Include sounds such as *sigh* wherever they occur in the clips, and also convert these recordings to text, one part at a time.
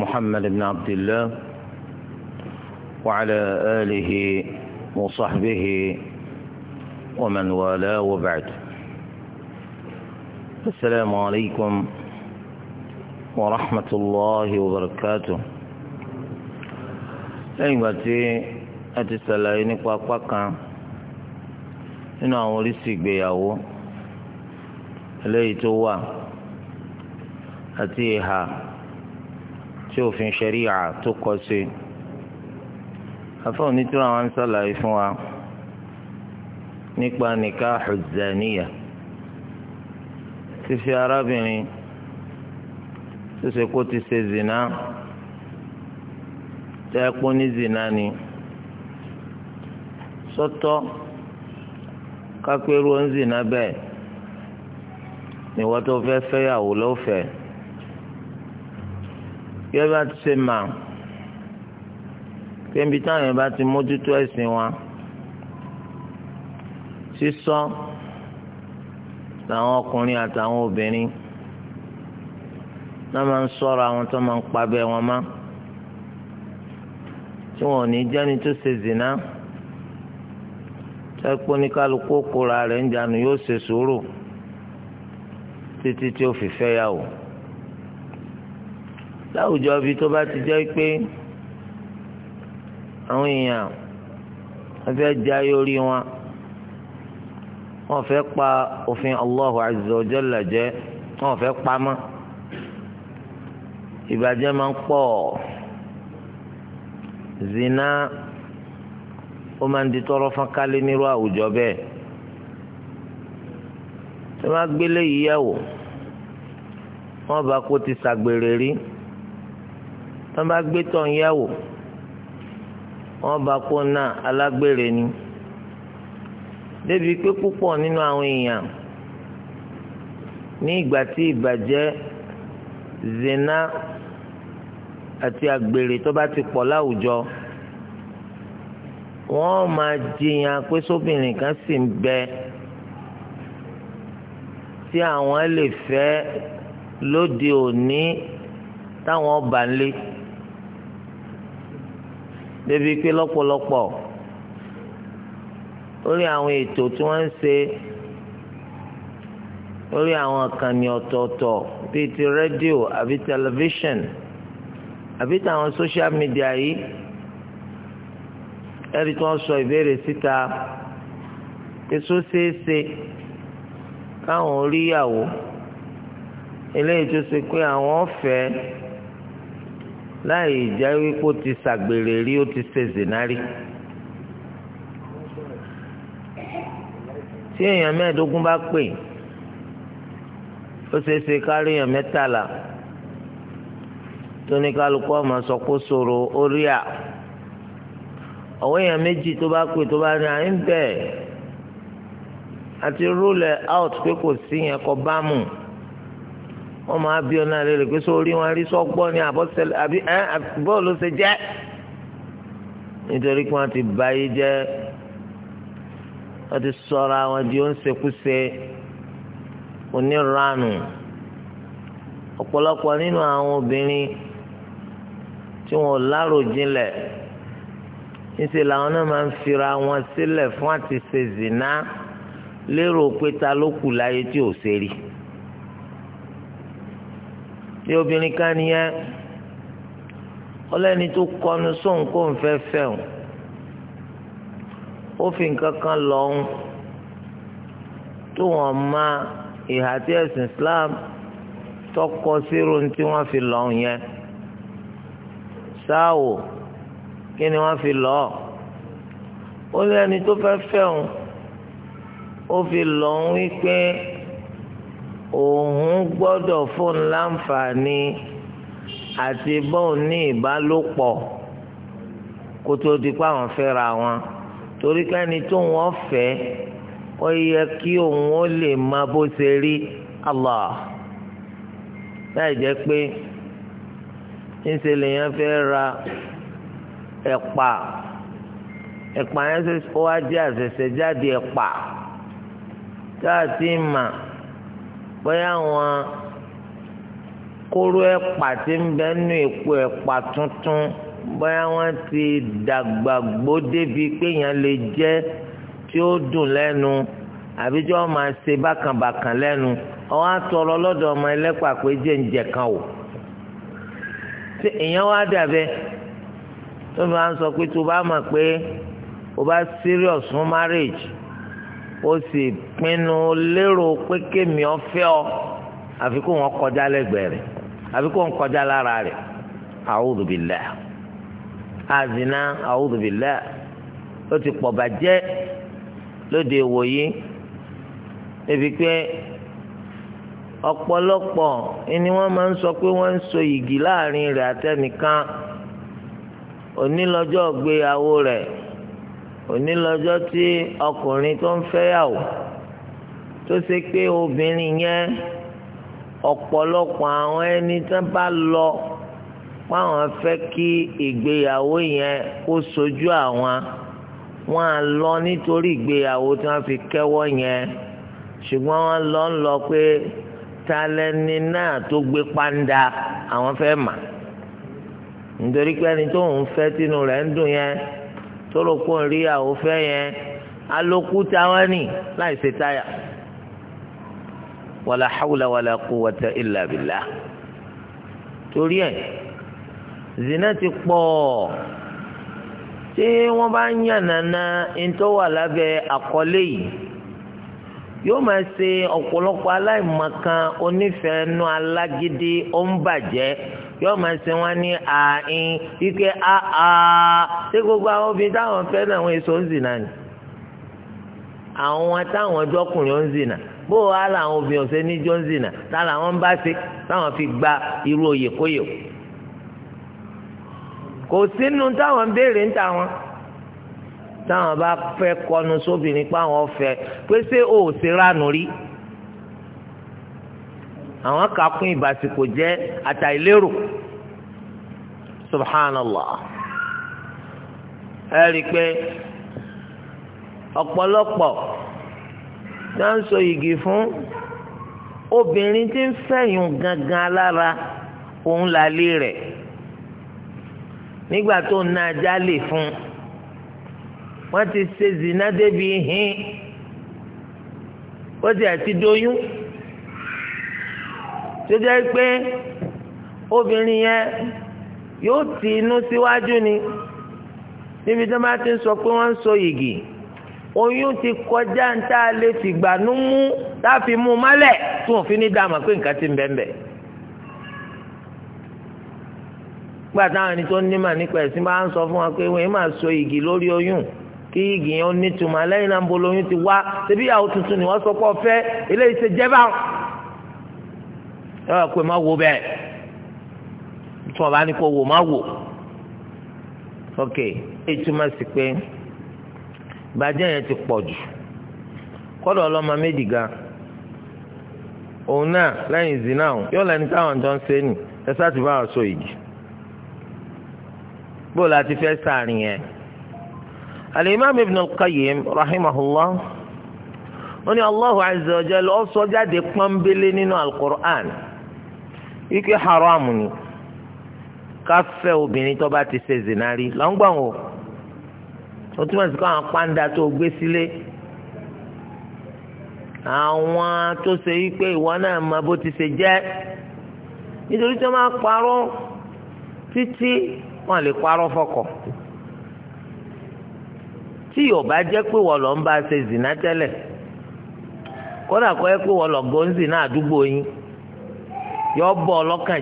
محمد بن عبد الله وعلى آله وصحبه ومن والاه وبعد السلام عليكم ورحمة الله وبركاته lẹ́yìn ìgbà tí a ti ṣàlàyé nípa apá kan nínú àwọn oríṣìí ìgbéyàwó eléyìí tó wà àti ìhà tí òfin ṣẹ̀ríà tó kọ sí afọ onítúrọ àwọn sàlàyé fún wa nípa nìkáhù zàníyà fífi arábìnrin tó ṣe kó ti ṣe zina tẹ́ pọ́n ní zina ni sọ́tọ́ kápẹ́rù ń zina bẹ́ẹ̀ ni wọ́n tó fẹ́ fẹ́yàwó lọ́fẹ̀ẹ́ yẹ bá ti ṣe mà kébi táwọn yẹn bá ti mójútó ẹ̀sìn wa sísọ làwọn ọkùnrin àtàwọn obìnrin náà máa ń sọ̀rọ̀ àwọn tó máa ń pabẹ́ wọn má tí wọn ò ní jẹ́ni tó ṣe zìnà ẹ̀pọ̀ ní kálukú kóra rẹ̀ ń jánu yóò ṣe sùúrù títí tí ó fi fẹ́ yà wò láwùjọ ibi tó bá ti jẹ́ pé àwọn èèyàn wọ́n fẹ́ jayé orí wọn wọ́n fẹ́ pa òfin Allahu azza wa jalla jẹ wọ́n fẹ́ pamọ́ ìbàjẹ́ máa ń pọ̀ zina ó máa ń di tọrọ fún kálí nírú àwùjọ bẹ́ẹ̀ tí wọ́n á gbélé yìí yẹ̀ wọ́n bá kó ti ṣàgbèrè rí tó bá gbé tọ̀ ń yẹ̀wò wọ́n bá kó náà alágbèrè ni débi pé púpọ̀ nínú àwọn èèyàn ní ìgbà tí ìbàjẹ́ zina àti àgbèrè tó bá ti pọ̀ láwùjọ wọ́n máa jiyàn pé sóbìnrin kan sì ń bẹ tí àwọn lè fẹ́ lóde òní táwọn bá ń lé débi pé lọ́pọ̀lọpọ̀ lórí àwọn ètò tí wọ́n ń ṣe lórí àwọn àkànní ọ̀tọ̀ọ̀tọ̀ bíi ti rédíò àbí tẹlifíṣàn àbí tàwọn sóṣíà mídíà yìí ẹni tí wọ́n sọ ìbéèrè síta èso ṣeéṣe káwọn oríyàwó eléyìí tó ṣe pé àwọn ọ̀fẹ́ láì jẹ́ wípé ó ti ṣàgbèrè rí ó ti ṣe zìnárì. tí èèyàn mẹ́ẹ̀ẹ́dógún bá pè ó ṣeé ṣe kárí èèyàn mẹ́tàlá tó ní kálukú ọmọ sọ kó sòrò ó rí à ọ̀wọ́ èèyàn méjì tó bá pè tó bá ní à ń bẹ̀ àti rúlẹ̀ out pé kò sí yẹn kọ bá mú un wọ́n máa bí ọ náà lérè pé sórí wọn rí sọ́gbọ́n ní àbọ̀sẹ̀lẹ̀ àbí ẹ́ bọ́ọ̀lù ṣe jẹ́ nítorí pé wọ́n ti bá yé jẹ́ wọ́n ti sọ̀rọ̀ àwọn di oníṣekúṣe oníranù ọ̀pọ̀lọpọ̀ nínú àwọn obìnrin tí wọn ò láròjinlẹ̀ níṣẹ́ làwọn náà máa ń fira wọn sílẹ̀ fún àti ṣe zìnà lérò pé ta ló kù láyé tí ò ṣe rí bí obìnrin kan nìyẹn ọlẹ́ni tó kọnu sóhun kó ń fẹ́ fẹ́ o ó fi nǹkan kan lọ ń tó wọ́n ma ìhà tí ẹ̀sìn Islam tọkọ sírò tí wọ́n fi lọ ń yẹn sáwò kí ni wọ́n fi lọ ó lẹ́ni tó fẹ́ fẹ́ o ó fi lọ ń wí pé òun gbọ́dọ̀ fún láǹfààní àti bọ́ọ̀n ní ìbálòpọ̀ kó tó di pa àwọn fẹ́ra wọn torí kẹ́ni tó wọ́n fẹ́ ó yẹ kí òun ó lè máa bó ṣe rí Allah láì jẹ́ pé ńṣe lèèyàn fẹ́ ra ẹ̀pà ẹ̀pà yẹn ó wá jẹ́ àṣẹ̀ṣẹ̀ jáde ẹ̀pà tá a ti mà bóyá wọn kóró ẹ̀pà tí ń bẹ nínú èpo ẹ̀pà tuntun bóyá wọn ti dàgbà gbó débi pé èèyàn lè jẹ tí ó dùn lẹ́nu àbí tí wọ́n máa ṣe bákànbàkàn lẹ́nu ọwọ́ àtọ̀rọ̀ lọ́dọ̀ ọmọ ẹlẹ́pà pé jẹ́ǹjẹ̀ kan o tí èèyàn wá dàbẹ́ tó máa ń sọ pé tó bá mọ̀ pé o bá serious fún marriage ó sì pinnu lérò pé kémi ọfẹ́ ọ àfi kó wọn kọjá lẹ́gbẹ̀ẹ́ rẹ̀ àfi wọn kọjá lára rẹ̀ a'udhu billah àzìnà a'udhu billah ó ti pọ̀ bàjẹ́ lóde ìwòyí ebi pé ọ̀pọ̀lọpọ̀ ni wọ́n máa ń sọ pé wọ́n ń so yìgì láàrin rẹ̀ àtẹnìkan onílọ́jọ́ gbéyàwó rẹ̀ onílọ́jọ́ tí ọkùnrin tó ń fẹ́yàwó tó ṣe pé obìnrin yẹn ọ̀pọ̀lọpọ̀ àwọn ẹni tó bá lọ páwọn fẹ́ kí ìgbéyàwó yẹn kó sojú àwọn wọn à lọ nítorí ìgbéyàwó tí wọ́n fi kẹ́wọ́ yẹn ṣùgbọ́n wọ́n lọ ń lọ pé talẹ́ni náà tó gbé pàǹdà àwọn fẹ́ mà nítorí pé ẹni tó ń fẹ́ tínú rẹ̀ ń dùn yẹn tóròkó ń rí ìyàwó fẹ́ yẹn alókúta wọn ni láì ṣe táyà wàlà hàwùlà wàlà quwwata illa billah torí ẹ̀ zina ti pọ̀ tí wọ́n bá ń yànnàna ntọ́ wà lábẹ́ àkọlé yìí yóò máa ṣe ọ̀pọ̀lọpọ̀ aláìmọ̀kan onífẹ̀ẹ́nu alágídí ó ń bàjẹ́ yóò máa ṣe wọn ní ààín ike àá ṣé gbogbo àwọn obìnrin táwọn fẹ́ náà wọn èso ń zìnà ni àwọn táwọn ọjọ́kùnrin ń zìnà bó o wá làwọn obìnrin ọ̀sẹ̀ ní jọ́ ń zìnà tá làwọn ń bá ṣe táwọn fi gba irú oyè kóyè kò sínú táwọn ń béèrè ń ta wọn táwọn bá fẹ́ kọnu sóbìnrin pé àwọn fẹ́ pé ṣé o ò ṣe ránù rí. àwọn kakún ìbásíkò jẹ àtàìlérò subhanallah ẹ rí i pé ọ̀pọ̀lọpọ̀ tí wọ́n ń so igi fún obìnrin tí ń fẹ̀yìn gangan lára òun lálé rẹ̀ nígbà tó na ajá lè fún wọ́n ti ṣe zina débi hín ó ti àti dóyún. tó jẹ́ pé obìnrin yẹn yóò ti inú síwájú ni níbi tí wọ́n bá ti ń sọ pé wọ́n ń so yìgì oyún ti kọjá ń tá a lè fìgbà nú mú láfi mú mọ́lẹ̀ tí wọ́n fi ní dààmú pé nǹkan ti ń bẹ́ẹ̀ bẹ́ẹ̀. nígbà táwọn ẹni tó ní mà nípa ẹ̀sìn bá ń sọ fún wa pé wọ́n máa so yìgì lórí oyún kí yìgì yẹn ó nítumọ̀ lẹ́yìn náà ń bolo oyún ti wá ṣebí ìyàwó tuntun ni wọ́n sọ pé ọ fẹ́ eléyìí ṣe jẹ́ báwọn yọ̀ọ́ pé má wo bẹ́ẹ̀ tí wọ́n bá ní kó wò má wò ok èyí túmọ̀ sí pé ìbàjẹ́ yẹn ti pọ̀ jù kọ́dọ̀ ọlọ́mọ méjì gan òun náà lẹ́yìn ìzìnà ọ̀hún yóò lẹ́ni táwọn jọ ń ṣe nì ẹ sáà ti bá wọn sọ ìjì bó la fẹ́ sàárín yẹn. Al-Imam Ibn Al-Qayyim rahimahullah ó Allahu azza wa jalla jáde pọ́nbélé nínú Al-Qur'an ike haram ni ká fẹ́ obìnrin tó bá ti ṣe zina rí lọ́ngbọ̀n o ó túmọ̀ sí kó àwọn pàǹdà tó gbé sílé àwọn tó ṣe wípé ìwọ náà mọ bó ti ṣe jẹ́ nítorí tí wọ́n máa parọ́ títí wọ́n lè parọ́ fọkọ tí yóò bá jẹ́ pé wọ́n lọ ń bá ṣe zina kódà kó yẹ pé wọ́n lọ gbóǹzì náà àdúgbò yín. yọ bọ ọlọ́kàn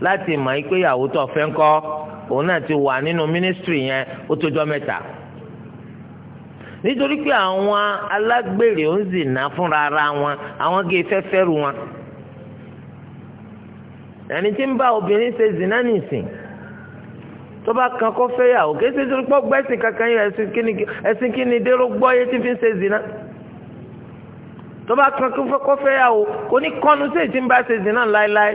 láti mọ̀ ẹ́ ìyàwó tó ti wà nínú mínísítírì yẹn ó tójọ́ mẹta nítorí pé àwọn alágbèrè ń zìnà fúnra ara wọn àwọn gé ru wọn ẹni tí ń bá obìnrin ṣe zìnà nìsín tó bá kan kó fẹ́yàwó kí ẹsẹ̀ tó gbọ́ kankan tó bá kan kó fẹ́ yà wò kò ní kọ́nu sí ètí ń bá ṣe láéláé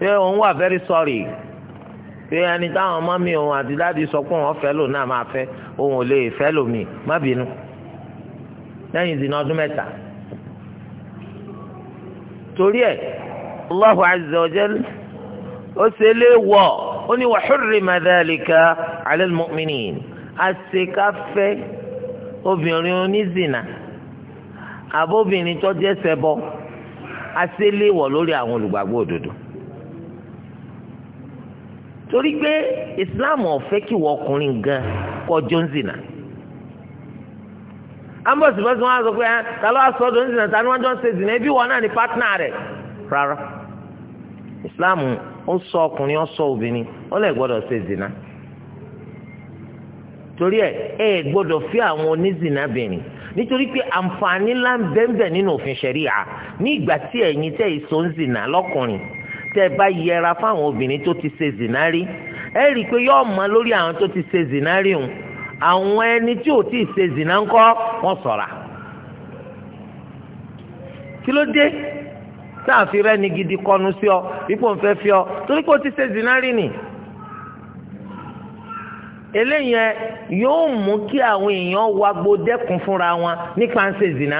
ṣé òun wà very sorry pé ẹni táwọn ọmọ mi òun àti dáàdi sọ pé òun fẹ́ lò náà máa fẹ́ òun ò lè fẹ́ lò má bínú lẹ́yìn zina ọdún mẹ́ta torí ẹ̀ Allahu azza wa jal ó ṣe lé wọ̀ ó ní wa hurrima dhalika ala àṣekáfẹ́ obìnrin onízìnà. abóbìnrin tó jẹ́ ṣẹbọ aséléwọ̀ lórí àwọn olùgbàgbọ́ òdodo torí pé islam ò kí wọ́n ọkùnrin gan kọjọ́ ń zìnà wọn sọ pé ah, ta ló wá sọ ọdún zìnà ta ẹbí wọn náà pátánà rárá islam ó sọ ọkùnrin ó sọ obìnrin ó lè nítorí pé àǹfààní ńlá ń bẹ́ẹ̀ nínú òfin ṣẹ̀ríà ní ìgbà tí ẹ̀yin tẹ́ ìso ń zìnà lọ́kùnrin tẹ́ ẹ bá yẹra fáwọn obìnrin tó ti ṣe zìnà rí ẹ rí i pé yóò mọ lórí àwọn tó ti ṣe zìnà rí òun àwọn ẹni tí ò tí ì ṣe zìnà ńkọ́ wọ́n ṣọ́ra kí ló dé tá fi rẹ́ni gidi kọnu sí ọ ipò ń fẹ́ fi ọ torí pé ó ti ṣe zìnà rí nìí eléyẹn yóò mú kí àwọn èèyàn wá gbódẹ́kun fúnra wọn nípa ń ṣe zina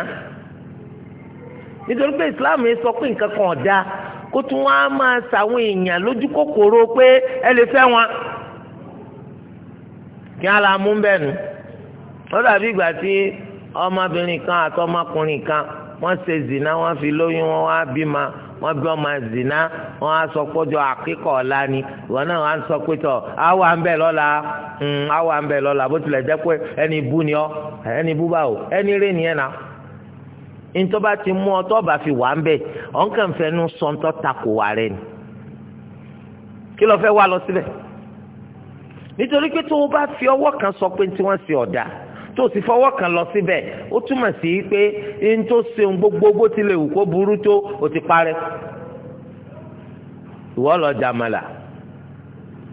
nítorí pé islam yẹn sọ pé nǹkan kan ọ̀dà kó tún wá máa ṣàwọn èèyàn lójú kòkòrò pé ẹ lè fẹ́ wọn kí á la mú bẹ́ẹ̀ nu ó dàbí ìgbà tí ọmọbìnrin kan àti ọmọkùnrin kan wọ́n ṣe zina wọ́n fi lóyún wọn wá bímọ wọ́n bí ọmọ zina na á sọ pọ́jọ́ àkíkọ̀ ni náà wọ́n á sọ pé tọ̀ àwa ń lọla lọ́la àwa hmm, ń bó tilẹ̀ jẹ́ ni o ẹni ni na ntọ́ba ti mú ọ tọ́ba fi wà ń bẹ̀ ọ̀nkànfẹ́ sọ̀ntọ́ takò wà ni kí o bá tó sì fọwọ́ kan lọ síbẹ̀ ó túmọ̀ sí pé n tó ṣeun gbogbo bó tilẹ̀ wù kó burú tó o ti parẹ́ ìwọ lọ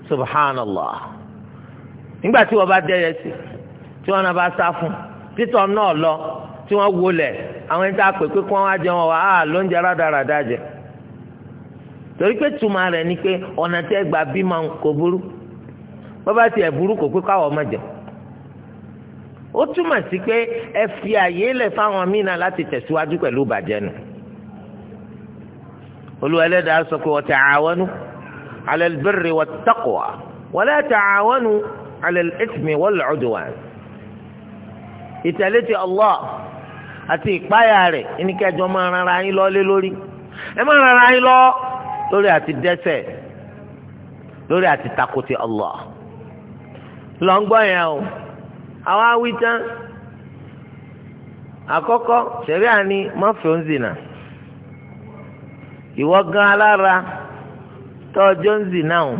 subhanallah nígbà tí wọ́n bá dẹ́yẹ sí tí wọ́n bá sá fún títọ́ náà lọ tí wọ́n wọlé àwọn ẹni tá a pè pé kí wá ah, tuma ni pé ọ̀nà gbà kò burú tiẹ̀ burú ó túmọ̀ sí pé ẹ fi àyè lẹ̀ fáwọn míì náà láti tẹ̀síwájú pẹ̀lú ìbàjẹ́ nù olúwa ẹlẹ́dàá sọ pé wa ta'awanu 'ala al-birri wat-taqwa wa la ta'awanu 'ala al-ithmi wal-'udwan ìtẹ̀lé ti Allah àti ìpáyà rẹ̀ ẹnikẹ́jọ́ máa ran yín lọ lé lórí ẹ máa ran yín lọ lórí àti dẹ́ṣẹ̀ lórí àti takò ti lọ́ngbọ́n yẹn o. àwa wí tán àkọ́kọ́ sẹ̀rí àní mọ́fẹ́ ń zìnà ìwọ gan alára tọ́jọ́ ń zìnà ò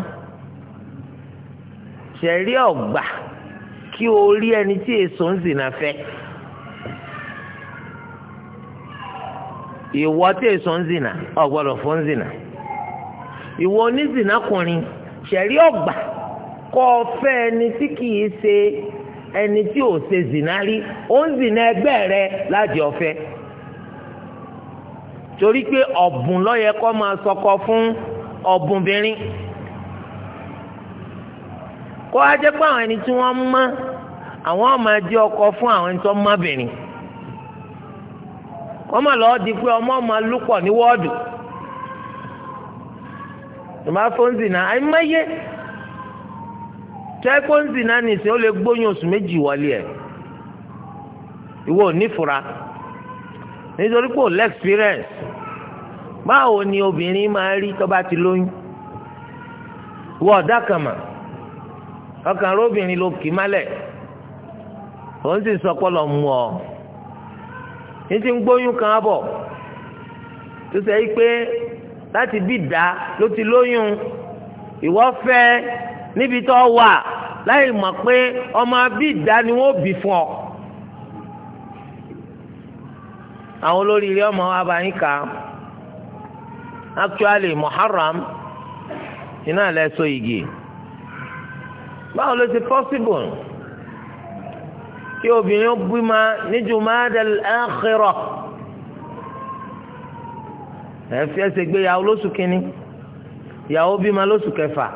sẹ̀rí ọ̀gbà kí o rí ẹni tí èso ń zìnà fẹ́ ìwọ tí èso ń zìnà ọ̀gbọ́dọ̀ fún ń zìnà ìwọ onízìnà kùnrin ọ̀gbà kọ́ ẹni tí ò ṣe zìnà rí ń zìnà ẹgbẹ́ rẹ láti ọfẹ, torí pé ọ̀bùn lọ́yẹ kọ́ máa sọkọ fún ọ̀bùnbìnrin kó a jẹ́ pé àwọn ẹni tí wọ́n mọ́ àwọn máa jẹ́ ọkọ fún àwọn ẹni tó mọ́bìnrin kọ́ máa lọ́ọ́ di pé ọmọ máa lúpọ̀ ní wọ́ọ̀dù tòmáfóńsì náà àìmọye tẹ́kọ̀ ń zina nìsín ó lè gbóyún oṣù méjì wọlé ẹ̀ ìwọ ò ní fura nítorí pé ò lẹ́ẹ̀xpírẹ́ǹsì báwo ni obìnrin máa rí tó bá ti lóyún ìwọ ọ̀dà kan mà ọkàn rẹ obìnrin ló kì í òun sì sọ ọ ní ti ń gbóyún kan á bọ̀ tó sẹ́ yí pé láti bí ìdá ló ti lóyún ìwọ níbi tó wà láì mọ̀ pé ọmọ bí ìdá ni wọ́n bí fún ọ. àwọn olórí ilé ọmọ wa bá yín kà á actually Muharram iná lẹ́sọ igi báwo ló ti possible kí obìnrin ó bímọ ní Jumada al-Akhirah ẹ fi ẹsẹ̀ gbé ìyàwó lóṣù kínní ìyàwó bímọ lóṣù kẹfà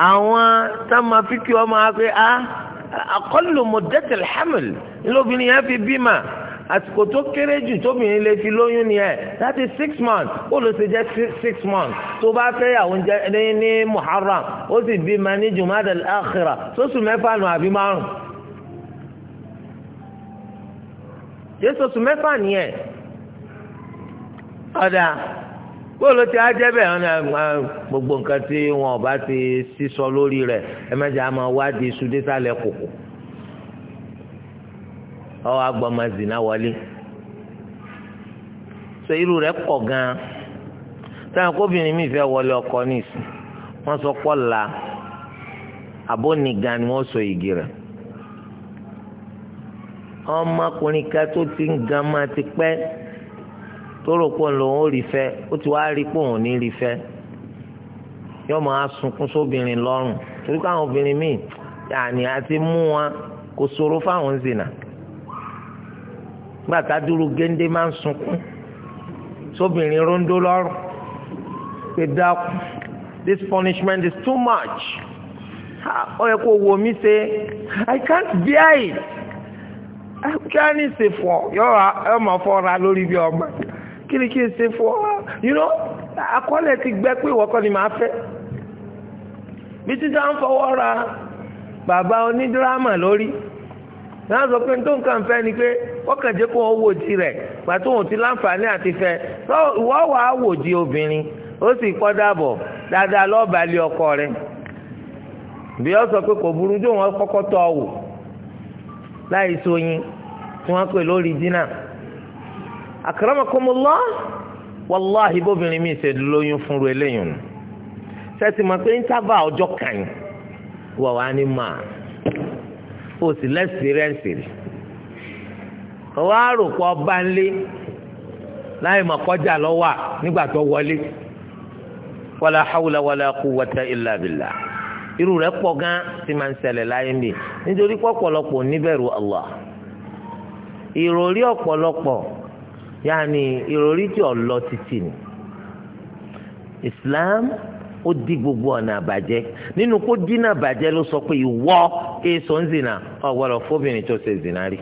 àwọn táwọn afíkì ọmọ akpé a ah, akọlù mọdẹtẹ lhamil ńlọbìnrin yẹn fi bímà àsìkò tó kéré jù tóbìnrin lè fi lóyún ni ẹ láti six months ó ló ṣe jẹ six months tó bá fẹ́ yàwó ń jẹ ní ní muharram ó sì bímà ní jumada al-akhira sóṣù mẹ́fà nù àbí márùn. jésù oṣù mẹ́fà nìyẹn. ọ̀dà bóòlù tí a jẹ́ bẹ́ẹ̀ gbogbo nǹkan tí wọn ọba ti sísọ lórí rẹ̀ ẹ̀mẹ́jẹ̀ a máa wádìí iṣu désàlẹ̀ kòkò ọwọ́ agbọ́mọ zina wọlé so irú rẹ̀ pọ̀ gan táwọn kóbìnrin mi fẹ́ wọlé ọkọ nísìn wọ́n sọ pọ́ la abónigan ni wọ́n sọ igi rẹ̀ ọmọkùnrin kan tó ti ń gan máa ti pẹ́ tó rò pé òun ò rí fẹ́ ó ti wá rí pé òun ò ní rí fẹ́ yóò máa sunkún sóbìnrin lọ́rùn torí káwọn obìnrin míì yàní àti mú wọn kò ṣòro fáwọn zina gbàtà dúró géńdé máa ń sunkún sóbìnrin ròǹdó lọ́rùn pé dákú this punishment is too much ó yẹ kó wo mí ṣe i can't bear it kí á ní ìsèfọ̀ yọ̀ọ́ ọmọ fọ́ra lórí bí ọmọ. kí ni kí n ṣe fún ọ you know akọ́lẹ̀ ti gbẹ pé ìwọ ni màá fẹ́ bí títà ń fọwọ́ ra bàbá onídírámà lórí náà sọ pé tó nǹkan fẹ́ ni pé ọkàn jẹ́ kó wò di rẹ̀ pàtó ti láǹfààní àti fẹ́ sọ ìwọ wàá wò di obìnrin ó sì kọ́ dàbọ̀ dáadáa lọ́ọ̀bà lé ọkọ rẹ̀ bí ọ sọ pé kò burú kọ́kọ́ tọ́ ọ wò láì tí akramakumullah wàláhì bóbìnrin mi ṣe lóyún fún ru eléyìí nù sẹ́tì mọ̀ pé ń sábà ọjọ́ kan wà O si mà ó O wa rẹ̀ ọwọ́ àròpọ̀ ọba ńlé láì mọ̀ kọjá lọ́wọ́ nígbà tó wọlé wàlá hawla wàlá quwwata illa billah irú rẹ̀ pọ̀ gan ti máa ń ṣẹlẹ̀ láyé mi nítorí pọ̀pọ̀lọpọ̀ Allah ìròrí yaani ìròrí tí ò títì ni Islam ó di gbogbo ọ̀nà àbàjẹ́ nínú kó dínà àbàjẹ́ ló sọ pé ìwọ èso ń zìnà ọ̀gbọ́dọ̀ fóbìnrin tó ṣe zìnà rí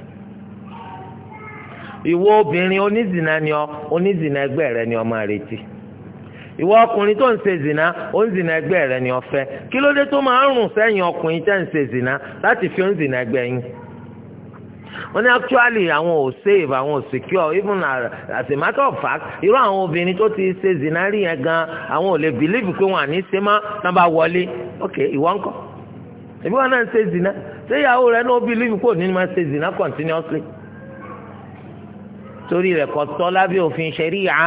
ìwọ obìnrin onízìnà ni ọ onízìnà ẹgbẹ́ rẹ ni ọ máa retí ìwọ ọkùnrin tó ń ṣe zìnà ó ń zìnà ẹgbẹ́ rẹ ni ọ fẹ́ kí ló dé tó máa ń rùn sẹ́yìn ọkùnrin tẹ́ ń ṣe zìnà láti fi ó ń zìnà ẹgbẹ́ yín. wọ́n ní actually àwọn ò save àwọn ò secure even as a matter of fact irú àwọn obìnrin tó ti ṣe zinari yẹn gan àwọn ò lè believe pé wọn à ní ṣe má náà bá wọlé ok ìwọ ńkọ́ ìbí wọn náà ń ṣe zina ṣé ìyàwó rẹ náà believe pé òní máa ṣe zina continuously torí rẹ̀ kò tọ́ lábẹ́ òfin ṣẹ̀ríyà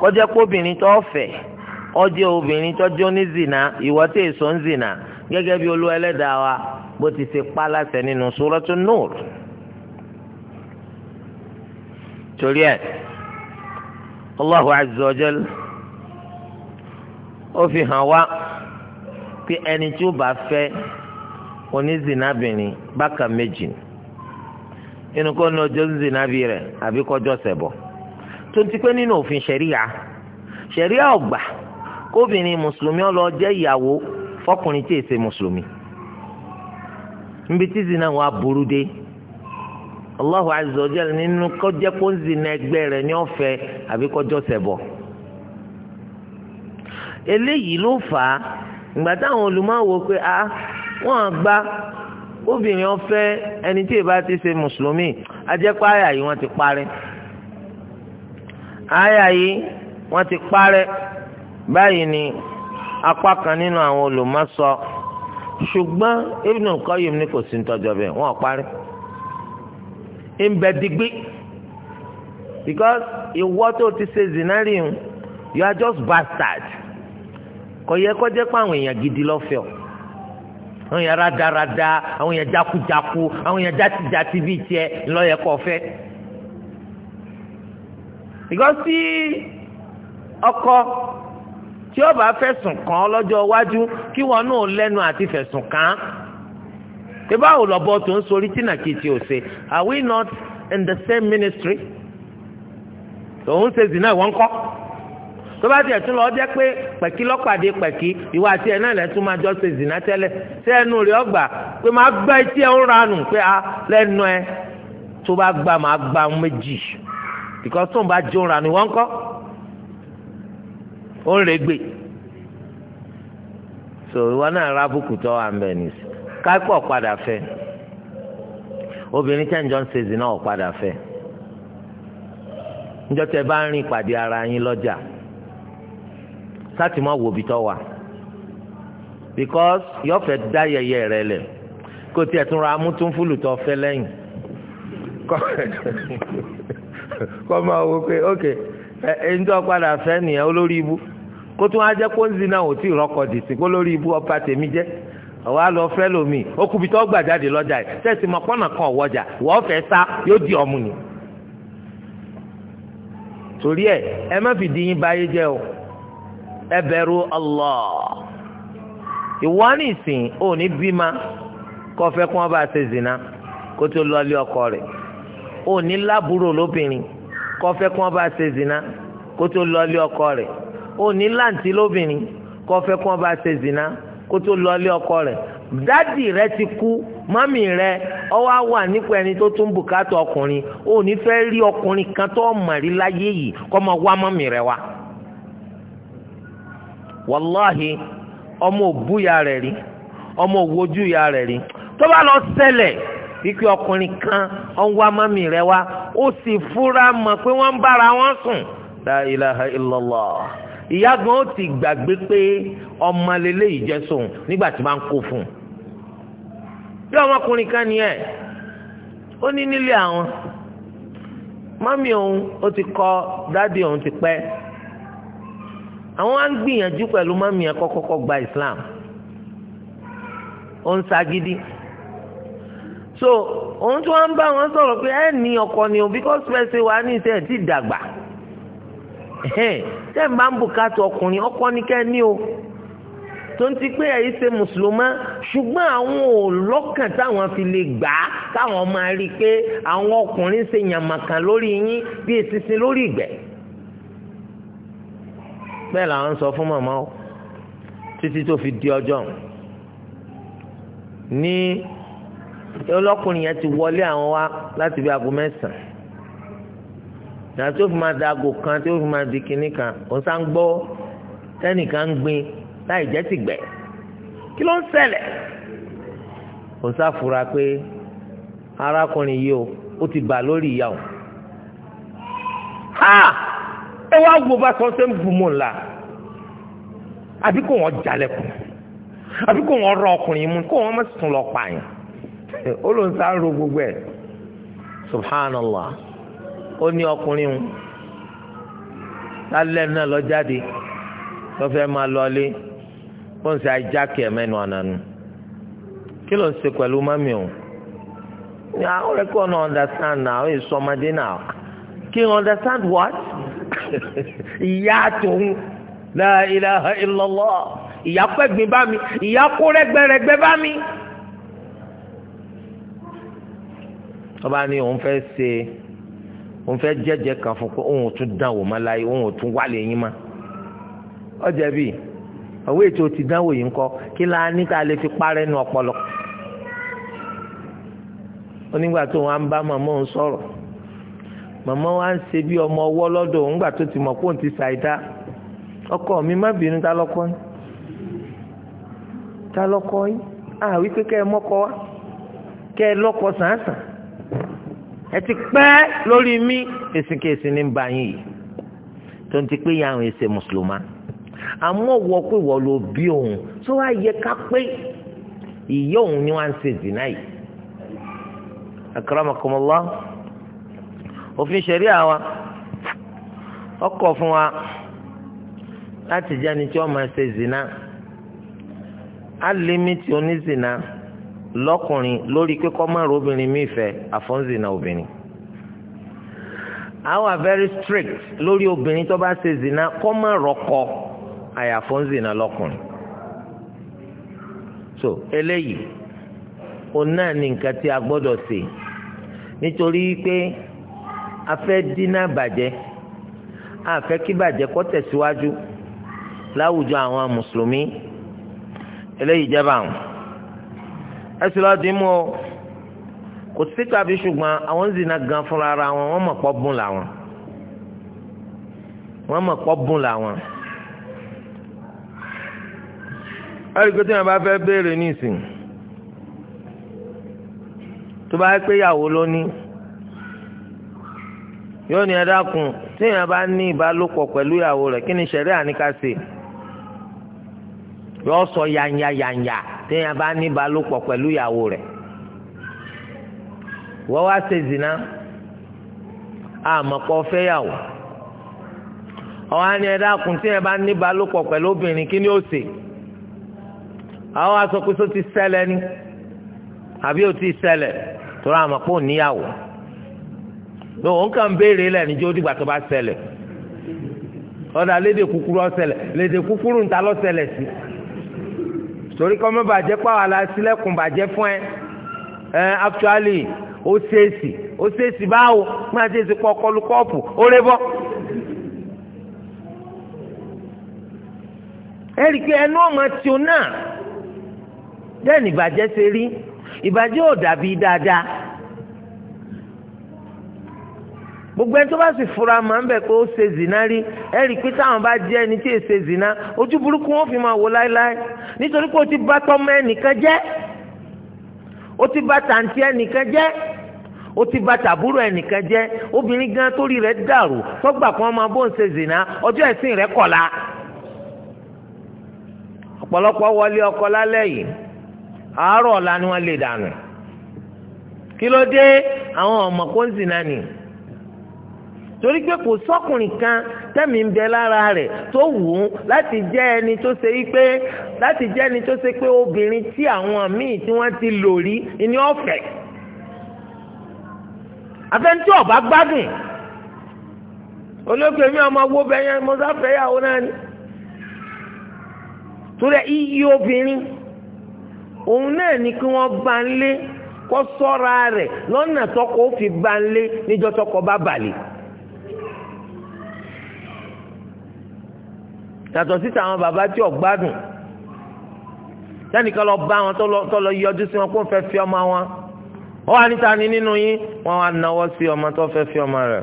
kọjá pé obìnrin tó fẹ́ ọjọ́ obìnrin tó jó ní zina ìwọ tí èso ń zina gẹ́gẹ́ bí Olúwa Ẹlẹ́dàá wa bó ti ṣe pa láṣẹ nínú Suratul Nur. torí ẹ Allahu azza ó fi hàn wá pé ẹni tí ó bá fẹ́ onízinabìnrin bákan méjì inú kó ní ọjọ́ rẹ̀ àbí kọjọ́ sẹ̀bọ̀ tó ti pé nínú òfin ṣẹ̀ríya ṣẹ̀ríya ọ̀gbà kóbìnrin mùsùlùmí ó jẹ́ ìyàwó fọkùnrin tí èsè mùsùlùmí níbi tí zina wà burú dé Allahu azza wa jalla nínú kọjá kó ń zina ẹgbẹ́ rẹ̀ ní ọ̀fẹ́ àbí kọjọ́ sẹ̀bọ̀ eléyìí ló fà á ìgbà táwọn olùmọ̀wò pé a ah, wọ́n á gbá obìnrin ọ̀fẹ́ ẹni tí ìbá ti ṣe mùsùlùmí ajẹ́pọ̀ àyà yìí wọ́n ti parẹ́ àyà yìí wọ́n ti parẹ́ báyìí ni apá kan nínú àwọn olùmọ̀ sọ ṣùgbọ́n Ibn Qayyim ní kò sí ní tọ́jọ́ bẹ́ẹ̀ wọ́n parẹ́ ń bẹ digbí because ìwọ tó ti ṣe zinari ń you are just bastard kò yẹ kó jẹ́ pé àwọn èèyàn gidi lọ́fẹ̀ẹ́ o àwọn èèyàn rádaràda àwọn èèyàn jákujáku àwọn èèyàn játijàti bíi tiẹ̀ ńlọ́yẹ kọ́ fẹ́ because tí ọkọ tí ó bá fẹ̀sùn kàn ọ́ lọ́jọ́ iwájú kí wọn náà lẹ́nu àti fẹ̀sùn kàn án ìbá ò lọ́bọ̀ tó ń sori tí nàkì tí ò are we not in the same ministry? òun ṣe zina ìwọ́n kọ́ tó bá tiẹ̀ tún lọ jẹ́ pé pẹ̀kí lọ́pàdé pẹ̀kí ìwà àti ẹ̀ náà lẹ́tún máa jọ ṣe zina tẹ́lẹ̀ ṣé ẹnu rẹ̀ ọgbà pé máa gbá etí ẹ̀ ń ranù pé a ah, lẹ́nu ẹ̀ tó bá gbà máa gbà méjì because tó ń bá jó ranù ìwọ́n kọ́ ó rẹ̀ gbé so ìwọ náà rábùkù tó wà ń nìsí. kápẹ́ ọ̀padà fẹ́ obìnrin tẹ́ǹjọ́ ń ṣèṣì náà ọ̀padà fẹ́ níjọ́ tẹ́ bá ń rìn ìpàdé ara yín lọ́jà sátìmọ́ wò bí tọ́ wà because yọ fẹ́ dá yẹyẹ rẹ lẹ̀ kó tiẹ̀ tún ra amútúnfúlù tó fẹ́ lẹ́yìn kọ́ máa wo pé ok ẹ ẹ ń tọ́ padà fẹ́ nìyẹn olórí ibu kó tún á jẹ́ kó ń ò tí ì rọ́kọ̀ dì sí kó lórí ibu ọba tèmi jẹ́ ọwọ́ á lọ fẹ́ lomi okùnbi tó gbà jáde lọ́jà yìí tẹ̀sí mọ pọ́nà kan ọ̀wọ́jà wọ́n fẹ́ sá yóò di ọmú ni. torí ẹ ẹ má fi dín báyé jẹ o ẹ bẹ̀rù Allah ìwọ ní ìsìn ò ní bímá kó fẹ́ kó wọn bá ṣe zina kó tó lọ ilé ọkọ rẹ̀ ò ní lábúrò lóbìnrin kó fẹ́ kó wọn bá ṣe zina kó tó lọ ọkọ rẹ̀ ò ní láǹtí lóbìnrin kó fẹ́ kó wọn bá ṣe zina kó tó lọ ilé ọkọ rẹ dádì rẹ ti kú mọ́mì rẹ ọ á wà nípa ẹni tó tún bùkátà ọkùnrin ò ní fẹ́ rí ọkùnrin kan tó mọ̀ rí láyé yìí kó máa wá mọ́mì rẹ̀ wá. wàláhì ọmọ òbúya rẹ̀ rí ọmọ òwojúya rẹ̀ rí tó bá lọ ṣẹlẹ̀ wípé ọkùnrin kan ọ wá mọ́mì rẹ wá ó sì fúra mọ̀ pé wọ́n ń bára wọn sùn. la ilaha illallah. ìyá gan ó ti gbàgbé pé ọmọ lélẹ́ yìí jẹ́ sóun nígbà tí wọ́n kó fún un bí ọmọkùnrin kan ni ẹ̀ ó ní nílé àwọn mọ́mí òun ó ti kọ dádì òun ti pẹ́ àwọn á ń gbìyànjú pẹ̀lú mọ́mí yẹn kọ́kọ́kọ́ gba Islam ó ń ṣagídí so òun tí wọ́n ń bá wọn sọ̀rọ̀ pé ẹ̀ ní ọkọ ni o because pẹ̀sẹ̀ wa ní ìṣe ẹ̀ dàgbà tẹ́ ń bá ń bùkátà ọkùnrin ọkọ ní kẹ́ ní o tó ń ti pé ẹ̀yí ṣe mùsùlùmá ṣùgbọ́n àwọn ò lọ́kàn táwọn fi lè gbà á táwọn máa rí i pé àwọn ọkùnrin ṣe yàmàkàn lórí yín bíi eṣinṣin lórí ìgbẹ́ bẹ́ẹ̀ làwọn ń sọ fún màmá o títí tó fi di ọjọ́ ní ọlọ́kùnrin yẹn ti wọlé àwọn wá láti bí aago mẹ́sàn-án náà tó fi máa da aago kan tó fi máa di kinní kan òun sá ń gbọ́ tẹ́nìkan ń gbin láì jẹ́ tìgbẹ́ kí ló ń ṣẹlẹ̀ òun sá fura pé arákùnrin yìí o ó ti bà lórí ìyá o ha ẹ wá wo bá sọ ṣe ń bu mọ́ ńlá àbí kò wọ́n jalẹ̀kùn àbí kò wọ́n rọ ọkùnrin mú kò wọ́n má sùn lọ pààyàn ó ló ń sá ro gbogbo ẹ̀ subhanallah ó ní ọkùnrin ń lálẹ́ náà lọ jáde lọ́fẹ́ máa lọlé ó ń ṣe ajáke ẹ̀mẹ́nu ànánu kí ló ń ṣe pẹ̀lú mami o ní àwọn ẹ̀kọ́ náà understand náà ó yẹ sọmadé náà kí n understand what ìyá tòun la ilaha illallah ìyá pẹ́gbin bá mi ìyá kó rẹ́gbẹ́rẹ́gbẹ́ bá mi. tọ́ba ni òun fẹ́ ṣe. òun fẹ́ jẹ́jẹ́ kan fún pé òun ò tún dánwò má láyé òun ò tún wálé yín má ọjà bíi ètò ti dánwò yìí ń kọ kí la ní ká lè fi parẹ́ nu ọpọlọ onígbà tó wọn bá màmá òun màmá wa ń ṣe bí ọmọ ọwọ́ lọ́dọ̀ òun gbà tó ti mọ̀ kó ti ọkọ mi má bínú ta lọ́kọ́ yín lọ́kọ́ yín àwí ẹ wa kẹ́ ẹ ẹ ti pẹ́ lórí mi èsìkèsì ní ba yín yìí tó ń ti pé yàrá ẹsẹ̀ mùsùlùmá àmọ́ wọ pé wọ́n ló bí òun tó wá yẹ ká pé ìyá òun ni wọ́n á ṣe zìnnà yìí. òfin wa ọkọ fún wa láti jẹ́ ẹni tí wọ́n máa ṣe zìnnà á límítì onízìnnà. lọ́kùnrin lórí pé kọ́ máa robìnrin mí fẹ́ àfọ́nzì náà obìnrin àwọn are very strict lórí obìnrin tó bá ṣe zina kọ́ máa rọ́kọ àyàfọ́nzì náà lọ́kùnrin so eléyìí òun náà ni nǹkan tí a gbọ́dọ̀ ṣe nítorí pé a fẹ́ dínà bàjẹ́ a fẹ́ kí bàjẹ́ kó tẹ̀síwájú láwùjọ àwọn mùsùlùmí eléyìí jẹ́ báwọn ẹsì lọ́ọ́ dì í mú o kò sí tàbí ṣùgbọ́n àwọn zina gan fúnra ara wọn wọ́n mọ̀ pọ́ bùn làwọn wọ́n mọ̀ pọ́ bùn làwọn. ẹ̀ríkò tí wọ́n bá fẹ́ béèrè nísìn tó bá pé ìyàwó ló ní yóò ní ẹ dákun tí èèyàn bá ní ìbálòpọ̀ pẹ̀lú ìyàwó rẹ̀ kí ni ṣẹ̀rí àníkàsí yóò sọ yanya yanya. téèyàn bá ní ìbálòpọ̀ pẹ̀lú ìyàwó rẹ̀ wọ́n wá ṣe zina àmọ̀pọ̀ fẹ́yàwó àwọn àni ẹ̀dá kùn téèyàn bá ní ìbálòpọ̀ pẹ̀lú obìnrin kí ni ó ṣe àwọn aṣọ ti ni àbí ó ti níyàwó béèrè lẹ́ni jó dìgbà tó bá ọ̀dà lédè kúkúrú lédè kúkúrú ń ta sí i. torí kọ́ mọ́ bàjẹ́ pàwọ́ la sílẹ̀kùn bàjẹ́ fún ẹ ẹ actually ó ṣèèṣì ó ṣèèṣì báwo máa ṣèèṣì pọ̀ kọlu kọ́ọ̀pù ó lé bọ́. ẹ rí i pé ẹnu ọmọ tí o náà bẹ́ẹ̀ ni ìbàjẹ́ ṣe rí ìbàjẹ́ ò dàbí dáadáa gbogbo ẹni tó bá sì fura màá ń bẹ̀ pé ó ṣe zina rí ẹ rí i pé táwọn bá jẹ́ ẹni tí èsè zina ojú burúkú wọn fi máa wò láéláé nítorí pé o ti bá tọ́mọ ẹnìkan jẹ́ o ti bá tàǹtí ẹnìkan jẹ́ o ti bá tàbúrò ẹnìkan jẹ́ obìnrin gan torí rẹ̀ dàrú tọ́gbà kan máa bó ń ṣe zina ọjọ́ ẹ̀sìn rẹ̀ kọ̀la ọ̀pọ̀lọpọ̀ wọlé ọkọ lálẹ́ yìí àárọ̀ ọ̀la ni wọ́n lè dànù kí ló dé àwọn ọmọ kó ń zina nìyí torí pé kò sọ́kùnrin kan tẹ́mi ń bẹ lára rẹ̀ tó wù ú láti jẹ́ ẹni tó ṣe pé láti jẹ́ ẹni tó ṣe pé obìnrin tí àwọn míì tí wọ́n ti lò rí ni ọ̀fẹ́ afẹ́ntí ọ̀bá gbádùn olóògbé mi ọmọ wo bẹ́ẹ̀ yẹn mo sáfẹ́ yàwó náà ni torí iye obìnrin òun náà ni kí wọ́n bá ń lé kó sọ́ra rẹ̀ lọ́nà tọkọ ó fi bá ń lé níjọ́ tọkọ bá bàlẹ̀. yàtọ̀ síta àwọn bàbá tí ò gbádùn sẹ́nìkan lọ bá wọn tó lọ yọjú sí wọn kó fẹ́ fi ọmọ wọn ó wà níta ni nínú yín wọn wá náwó sí ọmọ tó fẹ́ fi ọmọ rẹ̀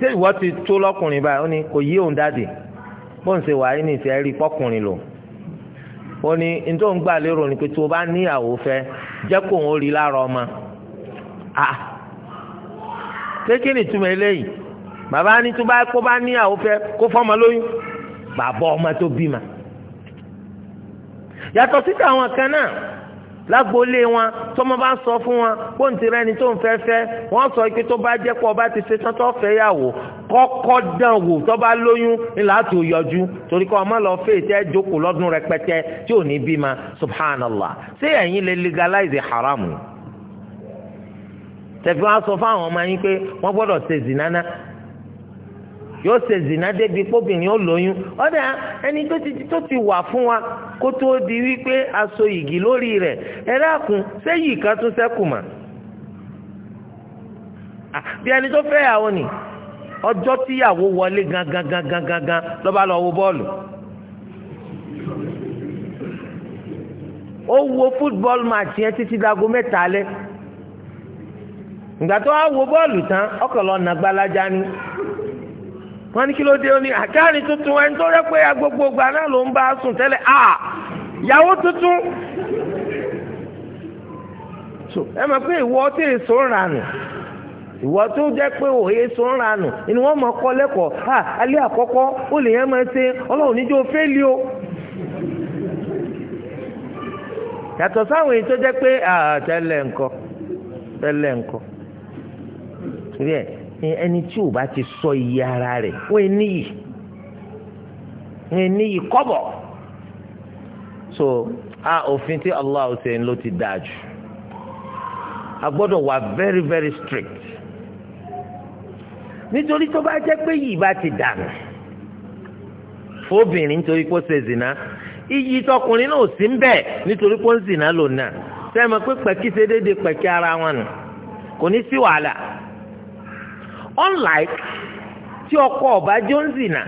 ṣé ìwọ ti tó lọ́kùnrin báyìí ó ní kò yí òun dáàdì bó ń ṣe wà ní ìfẹ́ rí pọ́kùnrin lò ó ní n tó gbà lérò ni pé tó o bá níyàwó fẹ́ jẹ́ kó òun ó rí lára ọmọ ah ṣé kí ni ìtumọ̀ eléyìí bàbá ní tó bá kó bá níyàwó fẹ́ kó fọ́mọ lóyún bàbá ọmọ tó bímọ yàtọ̀ síta àwọn kan náà lágboolé wọn tọmọ bá sọ fún wọn kó n ti rẹni tó ń fẹ́ fẹ́ wọ́n sọ pé tó bá jẹ́ pọ̀ ọba ti ṣe tán tó fẹ́ yàwó kọ́kọ́ dán wò tó bá lóyún ńlá tó yọjú torí kọ́ ọmọ lọ fèé tẹ́ jókòó lọ́dún rẹpẹtẹ tí ò ní bímọ subhanallah ṣé ẹ̀yin lè legalize haram tẹ̀fí wọn sọ fún àwọn ọmọ yín pé wọ́n gbọ́dọ̀ ṣe zinana yóò ṣe zina débi kóbìnrin ó lóyún ọ̀dà ẹni tó ti tó ti wà fún wa kó tó di wípé aṣọ ìgì lórí rẹ̀ ẹ dákun sẹ́yìn kan tún sẹ́kù mà bí ẹni tó fẹ́ yàwó ni ọjọ́ tíyàwó wọlé gangan lọ́ba bọ́ọ̀lù. ó wo yẹn títí dago mẹ́ta gbalaja ni wọ́n ní kí ló dé ó ní àjáre tuntun ẹni tó rẹ́ pé agbogbo ìgbà náà ló ń bá sùn tẹ́lẹ̀ à yàwó tuntun ẹ mọ̀ pé ìwọ tí èso ń ranù ìwọ tó jẹ́ pé òye so ń ranù ni wọ́n mọ̀ kọ́ lẹ́kọ̀ọ́ à alẹ́ àkọ́kọ́ ó lè yẹn máa ṣe ọlọ́run níjó fẹ́lẹ́ o. yàtọ̀ sáwọn èyí tó jẹ́ pé ẹni tí ò bá ti sọ iye ara rẹ̀ wọ́n ní e wọ́n ní kọ́bọ̀ so a òfin tí Allah ṣe ń lò ti dáa jù a gbọ́dọ̀ wà very very strict nítorí tó bá jẹ́ pé yìí bá ti dànù fóbìnrin nítorí pé ó ṣe zìnà iyì tọkùnrin náà ò sí ń bẹ̀ nítorí pé ó ń lò náà sẹ́mi pé pẹ̀kí ṣe déédéé pẹ̀kí ara wọn nù kò ní sí wàhálà. unlike tí ọkọ ọba jó ń zìnà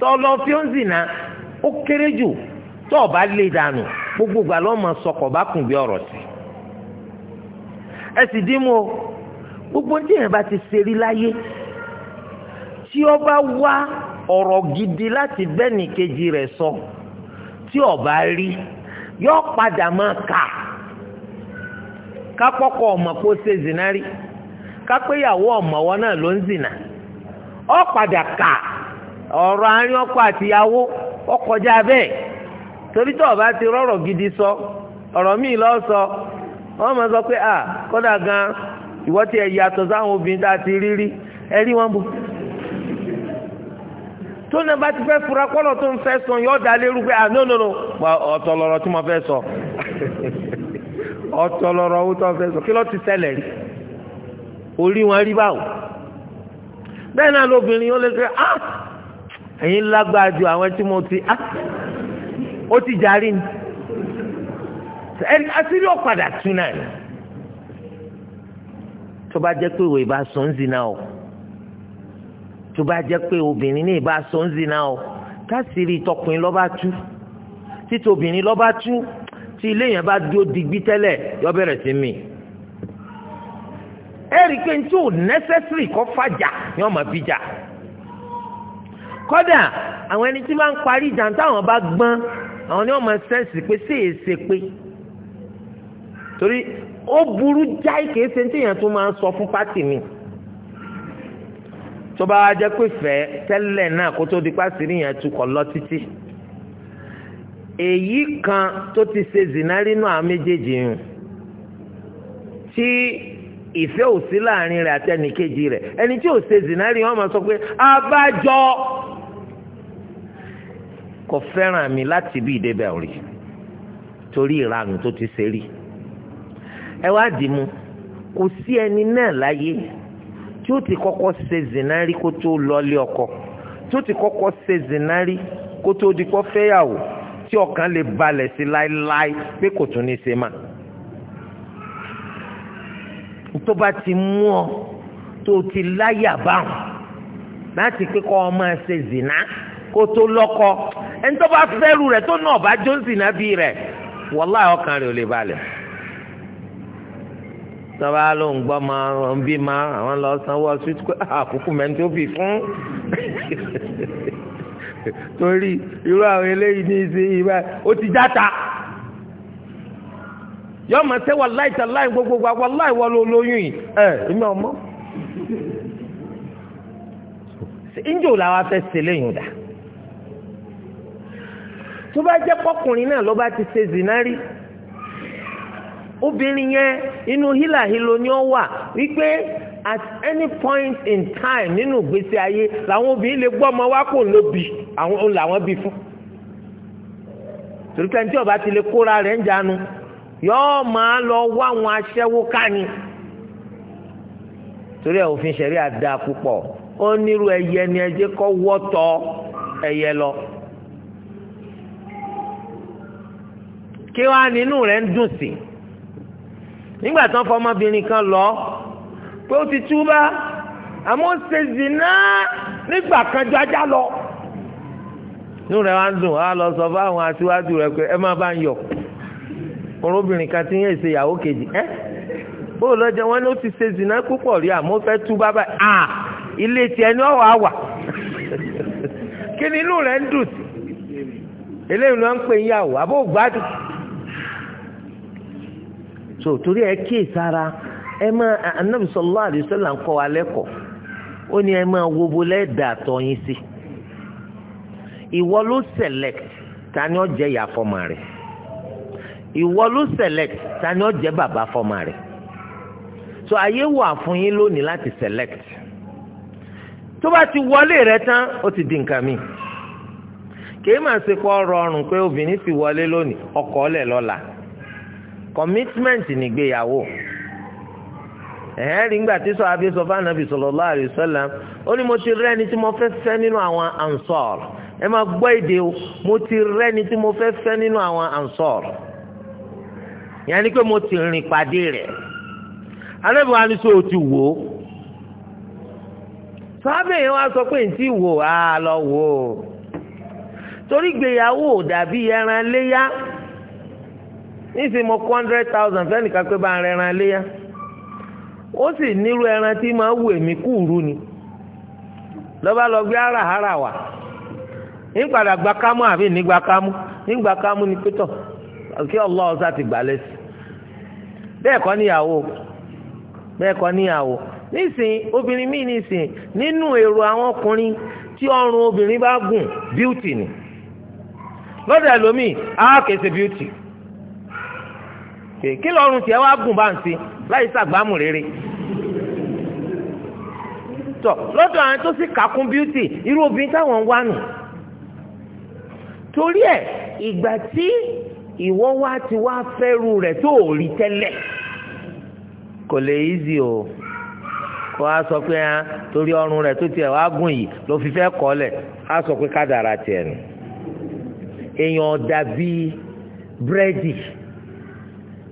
tọlọ tí ó ń zìnà ó kéré jù tó ọba lè dànù gbogbo ìgbà ló máa sọkọ bá kùn bí ọ̀rọ̀ sí ẹ sì dín mú o gbogbo ní ìyẹn bá ti ṣerí láyé tí ọ bá wá ọ̀rọ̀ gidi láti bẹ́ẹ̀nì kejì rẹ̀ sọ tí ó bá rí yóò padà máa kà kápọ́kọ̀ ọmọ kó ṣe zinari. kápẹ́yàwó ọ̀mọ̀wọ́ náà ló ń zìnà ọ padà kà ọ̀rọ̀ àárín ọkọ àtìyàwó ó kọjá bẹ́ẹ̀ torí tó ti gidi sọ ọ̀rọ̀ míì lọ sọ wọ́n sọ pé a ti rí rí ẹ rí wọn bò tó náà bá ti fẹ́ fura kọ́lọ̀ tó ń fẹ́ sọ yọ lérú pé ah sọ *laughs* ọ̀tọ̀ lọ̀rọ̀ owó tó ń sọ kí ti orí wọn rí báwò bẹ́ẹ̀ náà lóbìnrin ó lè ṣe á ah, ẹ̀yin lágbára ju àwọn tí mo ti á ah, ó ti jarí ni ẹni àṣírí ọ̀padà tún náà ni tó bá jẹ́ pé ìwé ìbá sọ ń zina o tó bá jẹ́ pé obìnrin ní ìbá sọ ń zina o káṣírí tọkùnrin lọ́ba tú títí obìnrin lọ́ba tú tí ilé yẹn bá dúró digbí tẹ́lẹ̀ yọ bẹ̀rẹ̀ sí mi ẹ̀rí pé ntí ò nẹ́sẹ̀sìrì kọ́ fàjà ni wọ́n máa fi jà kọ́dà àwọn ẹni tí máa ń parí ìjà táwọn bá gbọ́n àwọn ni wọ́n máa sẹ́ǹsì pé ṣèèṣe pé torí ó burú jáì kìí ṣe téèyàn tó máa ń sọ fún pátì mi tó bá wá jẹ́ pé fẹ́ tẹ́lẹ̀ náà kó tó di pásìrì yẹn tukọ̀ lọ títí èyí kan tó ti ṣe zìnnárínú àwọn méjèèjì yìí tí ìfẹ́ ò sí láàrin rẹ̀ àti ẹnìkejì rẹ̀ ẹni tí ò ṣe zinari wọn máa sọ pé abájọ kò fẹ́ràn mi láti bí ìdébẹ̀ rí torí ìranù tó ti ṣe rí ẹ wá dì mú kò sí ẹni náà láyé tí ó ti kọ́kọ́ ṣe zinari kó tó lọ́lé ọkọ tí ó ti kọ́kọ́ ṣe zinari kó tó di fẹ́yàwó tí ọkàn lè balẹ̀ sí láéláé pé kò tún ní í ṣe máa tó bá ti mú ọ tó ti láyà báwọn láti pé kọ́ ọmọ ṣe zìnà kó tó lọ́kọ ẹni tó bá fẹ́rù rẹ̀ tó náà bá jó zìnà bí rẹ̀ wàláhì ọkàn rẹ̀ ò lè balẹ̀ tọ́ba ló ń gbọ́ ma ń bí ma àwọn lọ sanwó ọsùn pé àkókò mẹ́ni tó bì fún *laughs* torí irú àwọn eléyìí ní ìsinyìí báyìí ó ti játa yọ ọmọ sẹ wàláì tàláì gbogbogbò wàláì wọlé olóyún yìí ẹ ẹmi ọmọ ńjò làwọn afẹ ṣẹlẹ̀ yìí dà tó bá jẹ́ kọkùnrin náà ló bá ti ṣe zinari obìnrin yẹn inú hílàhílo ni ó wà wípé at any point in time nínú ìgbésí ayé làwọn obìnrin lè gbọ́ ọmọ wa kò ló bí àwọn làwọn bí fún torí pé ẹni tí ó bá ti lè kóra rẹ̀ ń jánu yọọ máa lọ wá àwọn aṣẹ́wó ká ni torí ẹ òfin ṣẹ̀rí àdá púpọ̀ ó nírú ẹyẹ ni ẹjẹ́ kọ́ wọ́tọ̀ ẹyẹ lọ. kí wàá nínú rẹ̀ ń dùn sí nígbà tán fọmọbìnrin kan lọ pé ó ti túbá àmọ́ ó ṣe zìnnà nígbà kan ju ajá lọ. inú rẹ̀ wá ń dùn á lọ sọ fún àwọn aṣíwájú rẹ̀ pé ẹ má bá ń yọ̀. ọ̀rọ̀bìnrin kan ti ń yẹ ṣe ìyàwó kejì ẹ́ bó lọ́jọ́ wọn ló ti ṣe zina púpọ̀ rí àmọ́ fẹ́ tú bábà à ilé tiẹ̀ ni ọ̀wà wà *laughs* kí ni inú rẹ̀ ń dùn sí eléyìí ni wọ́n ń pè àbó so torí ẹ kíyè sára ẹ máa anabi ń kọ́ wa lẹ́kọ̀ọ́ ó ní ẹ máa select ta ni jẹ́ ìwọ ló select ta ni ó jẹ́ bàbá fọ́mọ rẹ̀ so ayé wà fún yín lónìí láti select tó bá ti wọlé rẹ̀ tán ó ti di nǹkan mi kìí máa ṣe pọ̀ rọrùn pé obìnrin ti wọlé lónìí ọkọ ọlẹ̀ lọ́la commitment nìgbéyàwó ẹ̀hẹ́n rí ngbà tí sọ abẹ́ sọ fánàbì sallallahu alaihi wasallam ó ní mo ti rẹ́ni tí mo fẹ́ fẹ́ nínú àwọn ansọ́ọ̀rù ẹ máa gbọ́ èdè o mo ti rẹ́ni tí mo fẹ́ fẹ́ nínú àwọn ansọ́ọ̀rù yẹn ni pé mo ti rìn pàdé rẹ̀ anábì wa ni sọ o ti wo ó yẹn wá sọ pé n ti wò á lọ wo ó torí gbéyàwó dàbí ẹran léyà nísìnyí mo kó hundred thousand fẹ́nìkan pé bá ń rẹran léyà ó sì nírú ẹran tí máa wù èmi kúrú ni lọ́ba lọ gbé àràhàrà wà nígbàdàgbà kámú àbí nígbà kámú nígbà kámú ni pétọ̀ kí ọlọ́ọ̀sá ti gbà bẹ́ẹ̀ kọ́ níyàwó bẹ́ẹ̀ kọ́ níyàwó nísìn obìnrin míì nísìn nínú èrò àwọn ọkùnrin tí ọrùn obìnrin bá gùn bíútì ni lọ́dọ̀ ẹlòmíì á kèsè bíútì kí lọ́rùn tiẹ̀ wá gùn bá ń sí láì sàgbámù rere tọ lọ́dọ̀ àwọn tó sì kàkún bíútì irú obìnrin táwọn ń wá nù torí ẹ̀ ìgbà tí ìwọ wá ti wá fẹ́rù rẹ̀ tó rí tẹ́lẹ̀ kò lè easy o kó a sọ pé hàn torí ọrùn rẹ̀ tó tiẹ̀ wàá gùn yìí ló fi fẹ́ kọ́ lẹ̀ a sọ pé kádàrà tiẹ̀ nù èèyàn dàbí búrẹ́dì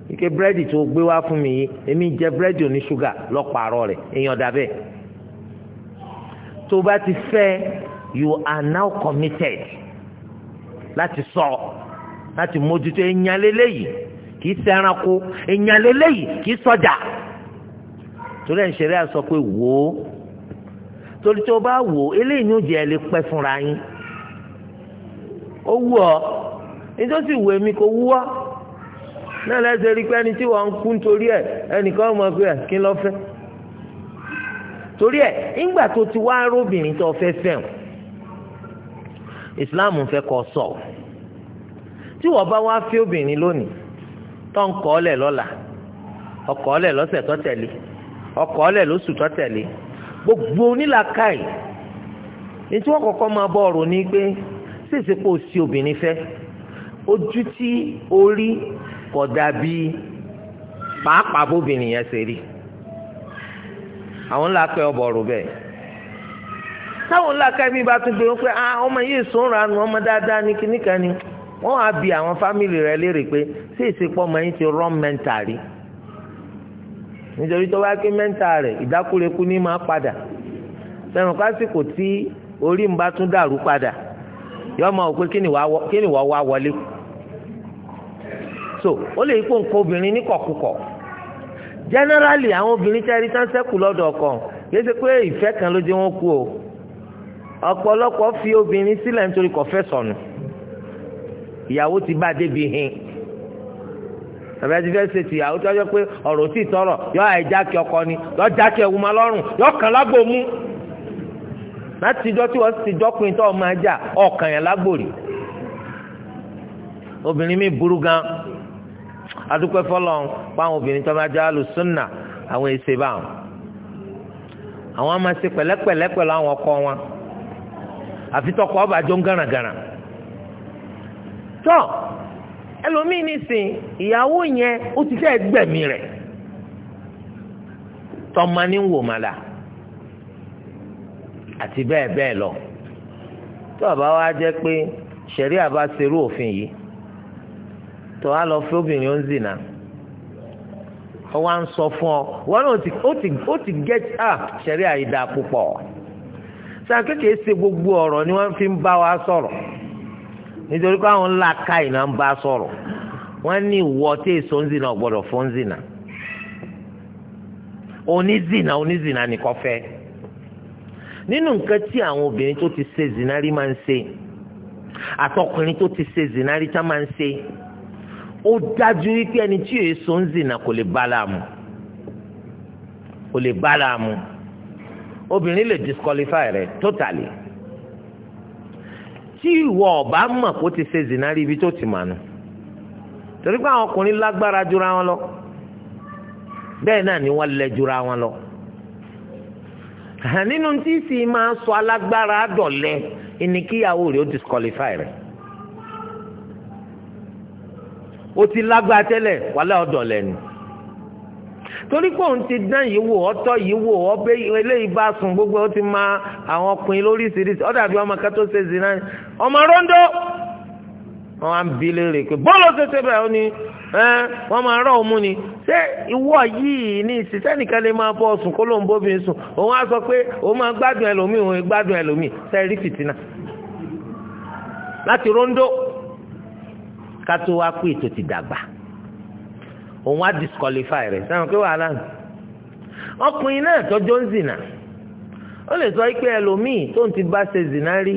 ike búrẹ́dì tó gbé wá fún mi yìí èmi jẹ búrẹ́dì oní ṣúgà lọ́pàárọ̀ rẹ̀ èèyàn dàbẹ́ tó bá ti fẹ́ you are now committed láti sọ láti mójútó èèyàn lélẹ́yìí kì í ṣẹranko èèyàn lélẹ́yìí kì í ṣọjà. So torí ẹ̀ ń ṣeré àsọ pé wò ó torí tó bá wò ó eléyìí ní òjì ẹ̀ lè pẹ́ fúnra yín ó wù ọ́ nítòsí wù èmi kò wú ọ́ náà lẹ́sẹ̀ rí pé ẹni tí wọ́n ń kú nítorí ẹ̀ ẹnìkan mọ̀ pé ẹ̀ kí ló fẹ́ torí ẹ̀ ńgbà tó ti wá róbìnrin tó fẹ́ fẹ́hùn ìsìláàmù fẹ́ kọ́ sọ tí wọ́n bá wá fẹ́ obìnrin lónìí tó ń kọ́ ọ́ lẹ̀ lọ́la ọkọ̀ ọ́ lẹ̀ lọ́sẹ̀ tó tẹ̀lé ọkọ̀ ọ̀lẹ̀ lóṣù tó tẹ̀lé gbogbo onílàkàì ní tí wọ́n kọ́kọ́ máa bọ̀ ọ̀rọ̀ ni pé ṣèṣe kò sí obìnrin fẹ́ ojú tí orí kò dàbí pàápàá bóbìnrin yẹn ṣe rí àwọn ńlá pẹ́ ọbọ̀ ọ̀rọ̀ bẹ́ẹ̀ táwọn ńlá ká mi bá tún gbé wọn pé ah ọmọ yìí sùnra nu ọmọ dáadáa ní kíníkan ni wọn á bi àwọn fámìlì rẹ léèrè pé ṣé ìsìnkú ọmọ yìí ti rán mẹ́ńtà rí nítorí tó bá ké mẹ́ńtà rẹ̀ ìdákúrekú ní máa padà sẹ́wọ̀n kásìkò tí orí ń bá tún dàrú padà yọ ọmọ òpin kí ni wàá wá wọlé so ó lè kó nǹkan obìnrin ní kọ̀kúkọ̀ generally àwọn obìnrin tẹ́rí tán sẹ́kù lọ́dọ̀ kan kìí ṣe pé ìfẹ́ kan ló dé wọn kú o ọ̀pọ̀lọpọ̀ fi obìnrin sílẹ̀ nítorí kò fẹ́ ìyàwó ti bá débi hin tàbí ẹtí fẹ́ ṣe tìyàwó tó yẹ pé ọ̀rọ̀ tí tọrọ yọ àìjákẹ́ ọkọ ni yọ jákẹ́ ẹ̀wù lọ́rùn yọ kàn lágbo láti jọ tí wọ́n ti jọkùnrin tó máa jà ọkàn yẹn lágbòrì obìnrin mi burú gan adúpẹ́ fọlọ́n páwọn obìnrin tó máa jẹ́ alùsùnà àwọn èsè báwọn àwọn máa ṣe pẹ̀lẹ́pẹ̀lẹ́ pẹ̀lú àwọn ọkọ wọn àfitọ́kọ ọba jọ tó. ẹlòmíì nìsín ìyàwó yẹn ó ti fẹ́ gbẹ̀mí rẹ̀ tọ́mọ ní wò màlà àti bẹ́ẹ̀ bẹ́ẹ̀ lọ tó bá wá jẹ́ pé ṣẹ̀rí àbá serú òfin yìí tó wá lọ fún obìnrin ó ń zìnà ó wá ń sọ fún ọ wọn náà ó ti get up ah, ṣẹ̀rí àyídà púpọ̀ sàkékèé ṣe gbogbo ọ̀rọ̀ ni wọ́n fi ń bá wa sọ̀rọ̀ nítorí pé àwọn ńlá ká ìná ń bá sọ̀rọ̀ wọ́n ní ìwọ tí èso ń zina ọ̀gbọ́dọ̀ fún zina onízina onízina nìkan fẹ́ nínú nǹkan tí àwọn obìnrin tó ti ṣe zina rí máa ń ṣe àtọkùnrin tó ti ṣe zina rí tá máa ń ṣe ó dájú wípé ẹni tí èso ń zina kò lè bá láàmú kò lè bá láàmú obìnrin lè disqualify rẹ̀ totally. tí ìwọ ọba mọ̀ kó ti ṣe zinari ibi tó ti mà nù torí pé àwọn ọkùnrin lágbára jura wọn lọ bẹ́ẹ̀ náà ni wọ́n lẹ jura wọn lọ nínú tí sì máa sọ alágbára dọ̀lẹ ìní kíyàwó rẹ̀ ó disqualify rẹ̀ o ti lágbára tẹ́lẹ̀ wàlẹ́ ọ̀dọ̀lẹ ni. torí pé òun ti dán yìí wò ọtọ yìí wò ọbẹ eléyìí bá sùn gbogbo ó ti ma àwọn ọkùnrin lóríṣiríṣi ọdà bí ọmọ kẹtó ṣe zina ọmọ rondo wọn wá ń bi léèrè pé bọ́ọ̀lù ṣẹṣẹ bẹ́ẹ̀ ó ní wọ́n máa rọ̀ ọ́ mú ni ṣé ìwọ yìí ní ìṣiṣẹ́ nìkan lè máa bọ́ sùn kó ló ń bóbi sùn òun á sọ pé òun máa gbádùn ẹlòmíì òun gbádùn ẹlòmíì ṣe rí fìtínà láti rondo ká wá pé ètò ti dàgbà òun á disqualify rẹ̀ sáwọn pé wàhálà nù ọkùnrin náà tọjọ́ ń zìnà ó lè sọ pé ẹlòmíì tó ń ti bá ṣe zìnà rí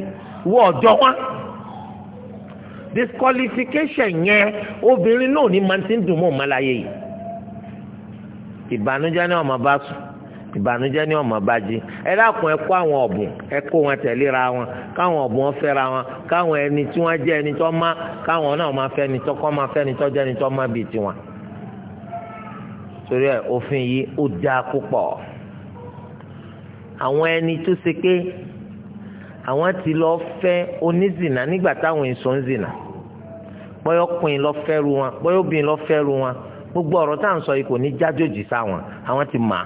wọ ọjọ́ wọn disqualification yẹn obìnrin náà ní máa ti ń dùn mọ́ ọmọláyé yìí ìbànújẹ́ ni ọmọ bá sùn ìbànújẹ́ ni ọmọ bá jí ẹ dákun ẹ kó àwọn ọ̀bùn ẹ kó wọn tẹ̀léra wọn káwọn ọ̀bùn wọn fẹ́ra wọn káwọn ẹni tí wọ́n jẹ́ ẹni tó má káwọn náà máa fẹ́ ẹni tó kọ́ máa fẹ́ ẹni tó jẹ́ ẹni tó má bíi tiwọn torí ẹ òfin yìí ó dáa púpọ̀ àwọn ẹni tó ṣe pé àwọn ti lọ fẹ́ onízìnà nígbà táwọn èso ń zìnà pọ́yọ́kùnrin lọ fẹ́ru wọn pọ́yọ́bìnrin lọ fẹ́ru wọn gbogbo ọ̀rọ̀ tá à ń sọ yìí kò ní jájòjì sáwọn àwọn ti mà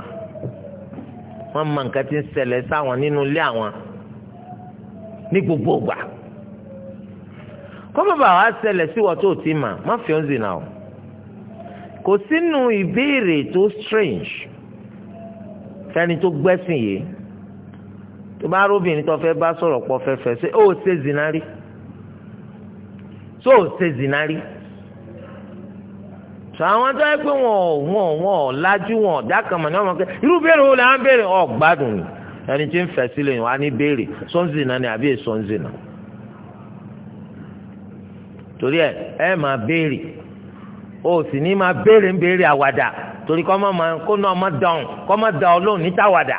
wọ́n mọ nǹkan tí ń ṣẹlẹ̀ sáwọn nínú ilé àwọn ní gbogbo ìgbà kọ́ bàbá wa ṣẹlẹ̀ sí wọ́n tó ti mà má fi ń zìnà o kò sínú ìbéèrè tó strange fẹ́ni tó gbẹ́sìn yìí tó bá róbìnrin tó fẹ́ bá sọ̀rọ̀ pọ̀ fẹ́fẹ́ ṣe ó ṣe zinari tó ṣe zinari sọ àwọn tó yẹ pé wọn ò wọn ò wọn ò lajú wọn ò dákàmọ́ ní ọmọ kẹ irú béèrè wo là ń béèrè ọ gbádùn ni ẹni tí ń fẹ́ sílẹ̀ yìí wọ́n á ní béèrè sọ́nzìnà ni àbí èso ń zìnà torí ẹ ẹ máa béèrè. o sì ní ma béèrè ń béèrè àwàdà torí kọ́ máa máa kó náà máa dán kọ́ máa dán ọlọ́run níta àwàdà.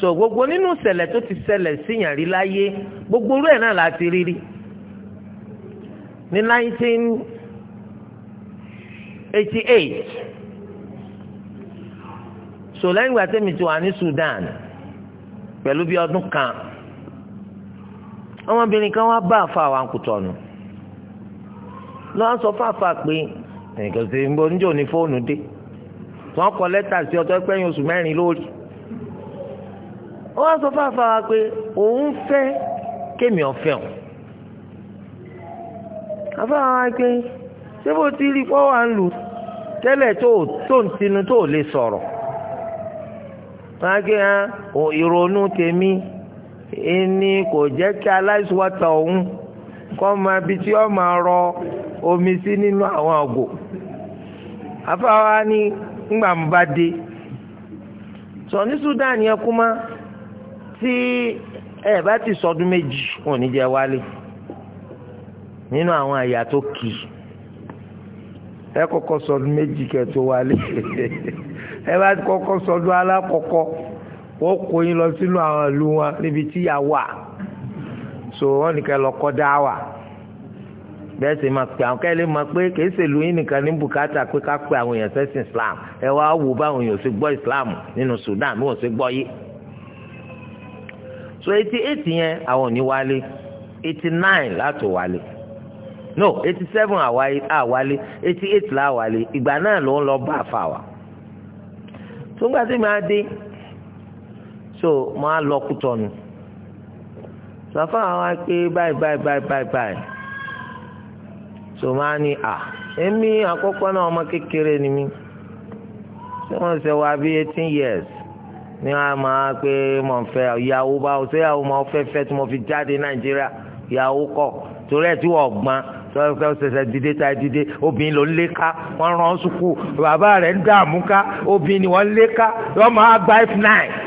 so gbogbo nínú ṣẹlẹ̀ tó ti ṣẹlẹ̀ síyàn rí láyé gbogbo orú ẹ̀ náà la ti rí ní nineteen eighty eight so lẹ́yìn ìgbà tẹ́mi ti wà ní Sudan pẹ̀lú bí ọdún kan ọmọbìnrin kan wá bá àfa àwọn akutọ̀nù. No lọ́wọ́ sọ fáfá pé nǹkan ṣe ń bọ níjò ní fóònù dé wọ́n kọ lẹ́tà sí ọjọ́ pẹ́yìn oṣù mẹ́rin lórí wọ́n sọ fáfá wa pé òun fẹ́ kémi ọ̀fẹ́ o àfáà wa pé ṣé bó ti rí pọ́wà ń lù tẹ́lẹ̀ tó tó ń tinú tó lè sọ̀rọ̀ wọ́n á gé ìrònú tèmi ẹni kò jẹ́ kí aláìsíwáta òun. kọ́ máa bi tí ó máa rọ omi sí nínú àwọn àgò afáwa ni ńgbà ń bá dé sọ ní Sudan yẹn kú mọ́ tí ẹ bá ti sọdún méjì wọn ò ní jẹ wálé nínú àwọn àyà tó kì í ẹ kọ́kọ́ sọdún méjì kẹ́ wálé *laughs* ẹ bá kọ́kọ́ sọdún alákọ̀ọ́kọ́ wọ́n kó yín lọ sínú àwọn ìlú wọn níbi tí ìyá wà so wọ́n nìkan lọ kọ́ dá wà bẹ́ẹ̀ sì máa pè àwọn kẹ́lẹ́ máa pé kìí ṣèlú yín nìkan ní bùkátà pé ká pe àwọn èèyàn sẹ́sìn Islam ẹ wá wò báwọn èèyàn ṣe gbọ́ Islam nínú Sudan bí wọ́n ṣe gbọ́ yìí so eighty eight yẹn àwọn ò ní wálé eighty nine látò wálé no eighty seven àwálé eighty eight láwálé ìgbà náà ló ń lọ bá àfa wa tó ń gbà tí mi á dé so máa lọ kútọ́nu sọ fún àwọn pé báyìí báyìí báyìí báyìí báyìí tó máa ní à èmi àkọ́kọ́ náà ọmọ kékeré ni mí tí wọ́n ṣe wá bí eighteen years ní wọ́n máa pé mo fẹ́ ìyàwó bá ọ sẹ́yàwó máa fẹ́ fẹ́ tí mo fi jáde nàìjíríà ìyàwó kọ̀ torí ẹ̀ tí wọ́n gbọ́n sọ́kẹ́ ọ̀sẹ̀sẹ̀ dìde ta dìde obìnrin ló ń lé ká wọ́n rán sùkúù bàbá rẹ̀ ń dààmú ká obìnrin ni lé ká wọ́n máa gba f nine.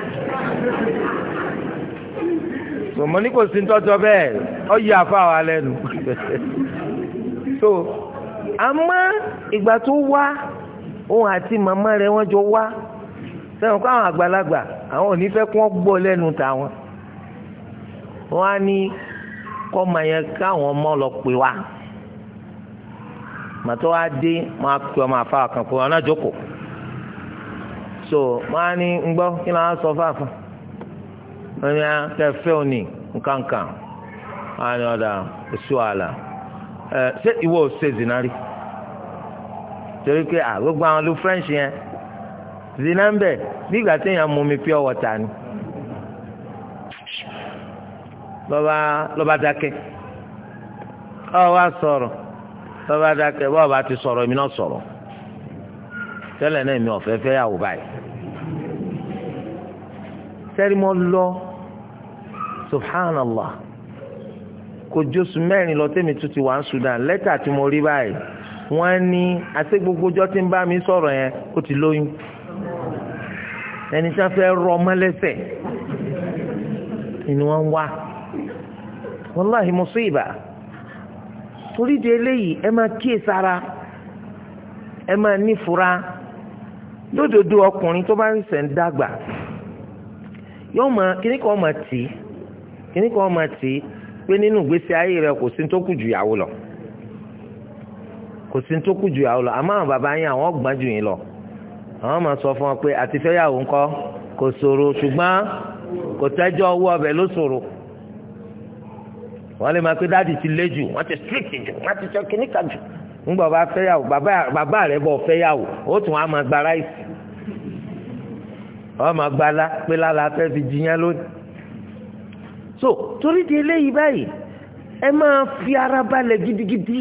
sọmọ ní kò sí tọ́jọ́ bẹ́ẹ̀ ọ yí àfa wa lẹ́nu so àmọ́ ìgbà tó wá òun àti màmá rẹ̀ wọ́n jọ wá sẹ́wọ̀n kó àwọn àgbàlagbà àwọn ò ní fẹ́ kó gbọ́ lẹ́nu tàwọn wọ́n á ní kọ́ yẹn káwọn ọmọ lọ pè wá màtọ́ wá dé máa pè ọmọ àfa kan pé wọn náà jókòó so wọ́n á ní ń gbọ́ kí ni wọ́n á wọ́n ní akẹ́fẹ́ ah, òní nkankan àni ọ̀dà oṣù àlà ẹ̀ ṣé ìwọ ò ṣe zina rí torí pé àgbégbó àwọn ọdún french yẹn zina ń bẹ̀ nígbà téèyàn mú mi pure water ni lọ́ba lọ́ba dákẹ́ ọ wá sọ̀rọ̀ lọ́ba dákẹ́ bọ́ọ̀ bá ti sọ̀rọ̀ èmi náà sọ̀rọ̀ tẹ́lẹ̀ náà èmi ọ̀fẹ́ fẹ́ yàwó báyìí sẹ́rí lọ subhanallah kò jóṣù mẹ́rin lọ tẹ́mi tún ti wà ń Sudan lẹ́tà tí mo rí báyìí wọ́n ní àti gbogbo ọjọ́ tí ń bá mi sọ̀rọ̀ yẹn ó ti lóyún ẹni tí wọ́n fẹ́ rọ ọmọ lẹ́sẹ̀ ni wọ́n ń wá wàláhì mùsíbà torí ẹ máa kíyè ẹ máa nífura lódodo ọkùnrin tó bá ń sẹ̀ ń kíní kan máa tì í pé nínú ìgbésí ayé rẹ kò sí tó kù ju ìyàwó lọ kò sí tó kù ju ìyàwó lọ àmọ́ àwọn bàbá yín àwọn gbọ́n jù yín lọ àwọn máa sọ fún ọ pé àti fẹ́yàwó ńkọ́ kò ṣòro ṣùgbọ́n kò tẹ́jọ́ owó ọbẹ̀ ló ṣòro wọ́n lè máa pé dáàdì ti lé jù wọ́n ti strict jù wọ́n ti sọ kíníkà jù ńgbà bá fẹ́yàwó bàbá rẹ̀ bọ̀ fẹ́yàwó ó tún á máa gba ráìsì wọ́n máa gba pé lálá fẹ́ fi jiyàn lónìí so torí di eléyìí báyìí ẹ máa fi ara balẹ̀ gidigidi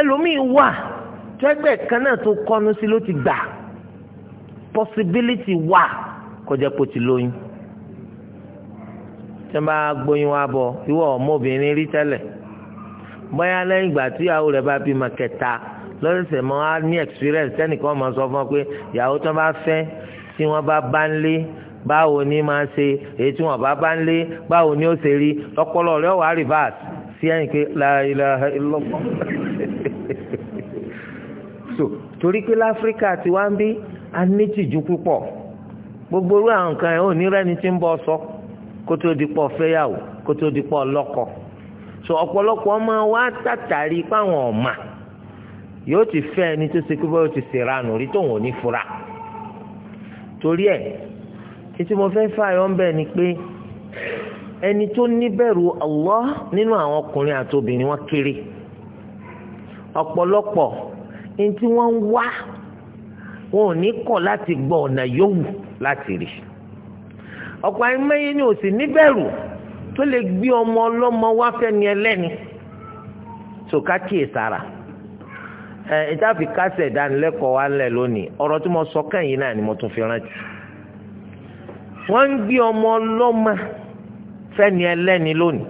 ẹlòmíì wà tẹ́gbẹ́ kan náà tó kọnu sí ló ti gbà possibility wà kọjá pò ti lóyún tí wọ́n bá gbóyún wa bọ̀ ìwọ ọmọbìnrin rí tẹ́lẹ̀ bóyá lẹ́yìn ìgbà tí ìyàwó rẹ̀ bá bímọ kẹta lọ́sẹ̀sẹ̀ mọ́ á ní experience tẹ́nìkan mọ̀ sọ fún ọ pé ìyàwó tí wọ́n bá fẹ́ tí wọ́n bá bá ń lé báwo ni máa ṣe èyí tí wọn bá bá ń lé báwo ni ó ṣe rí ọpọlọ rẹ wà rìvàs sí ẹ̀yìn pé láìla ìlọpọ. *laughs* so torí pé láfíríkà ti wá ń bí a ní tìjú púpọ̀ gbogbo irú àwọn nǹkan ẹ̀ ò ní rẹ́ni tí ń bọ́ sọ kó tó di pọ̀ fẹ́yàwó kó tó di pọ̀ lọ́kọ so ọ̀pọ̀lọpọ̀ ọmọ wa tàtàrí páwọn ọ̀ma yóò ti fẹ́ ẹni tó ṣe kí bọ́ọ̀ ti ṣèrànù rí tóun ò ní fura torí ẹ̀ ètí mo fẹ́ fààyàn ń bẹ̀ ni pé ẹni tó níbẹ̀rù Allah nínú àwọn ọkùnrin àti obìnrin wọn kéré ọ̀pọ̀lọpọ̀ ní tí wọ́n ń wá wọn ò ní kọ̀ láti gbọ́ ọ̀nà yòówù láti rí ọ̀pọ̀ àìmọye ni ò sì níbẹ̀rù tó lè gbé ọmọ ọlọ́mọ wá fẹ́ni ẹlẹ́ni sòká kíyè sára ẹ̀ ìtàfi kásẹ̀ ìdánilẹ́kọ̀ọ́ wa ń lẹ̀ lónìí ọ̀rọ̀ tí mo sọ kẹ́yìn náà ni mo tún fi rántí wọ́n ń gbé ọmọ ọlọ́mọ fẹ́ni ẹlẹ́ni lónìí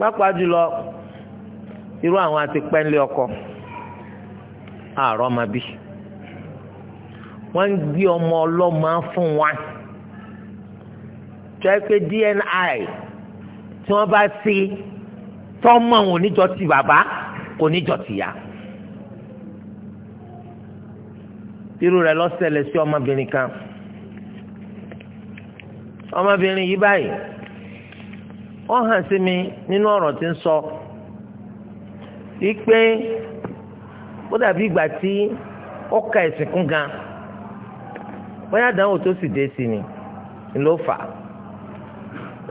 pápá jùlọ irú àwọn àti pẹ́ńlé ọkọ àárọ̀ máa bí wọ́n ń gbé ọmọ ọlọ́mọ fún wa jẹ́ pé DNI tí wọ́n bá sí tọ́mọ òun níjọ́ ti bàbá kò níjọ́ ti yá. irú rẹ̀ ló ṣẹlẹ̀ sí ọmọbìnrin kan ọmọbìnrin yìí báyìí ó hàn sí mi nínú ọ̀rọ̀ tí ń sọ wípé ó dàbí ìgbà tí ó ka ẹ̀sìn kún gan bóyá àdánwò tó sì dé sí ni ló fà á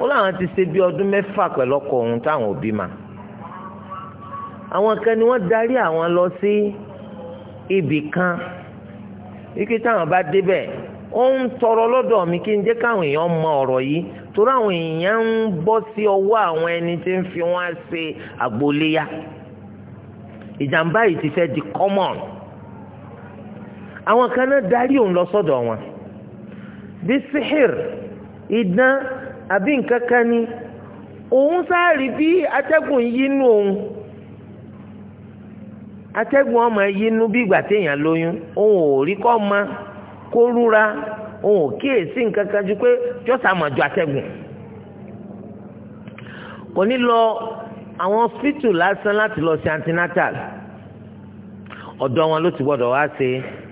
ó láwọn ti ṣe bí ọdún mẹ́fà pẹ̀lú ọkọ òun táwọn òbí ma àwọn kan ni wọ́n darí àwọn lọ sí ibì kan ike táwọn bá débẹ̀ ó ń tọrọ lọ́dọ̀ mi kí n jẹ́ káwọn èèyàn mọ ọ̀rọ̀ yìí torí àwọn èèyàn ń bọ́ sí ọwọ́ àwọn ẹni tí ń fi wọ́n ṣe àgbóléyà ìjàmbá yìí ti fẹ́ di common àwọn kan náà darí òun lọ sọ́dọ̀ wọn bí sihir idán àbí nǹkan ni òun sáà rí bí atẹ́gùn yínú òun atẹ́gùn ọmọ yínú bí ìgbà téèyàn lóyún òun ò rí kọ́ ma kó rúra òun ò kíyèsí nǹkan kan ju pé jọ́sà mọ̀ ju atẹ́gùn kò ní lọ àwọn hospital lásán láti lọ sí antenatal ọ̀dọ̀ wọn ló ti gbọ́dọ̀ wá sí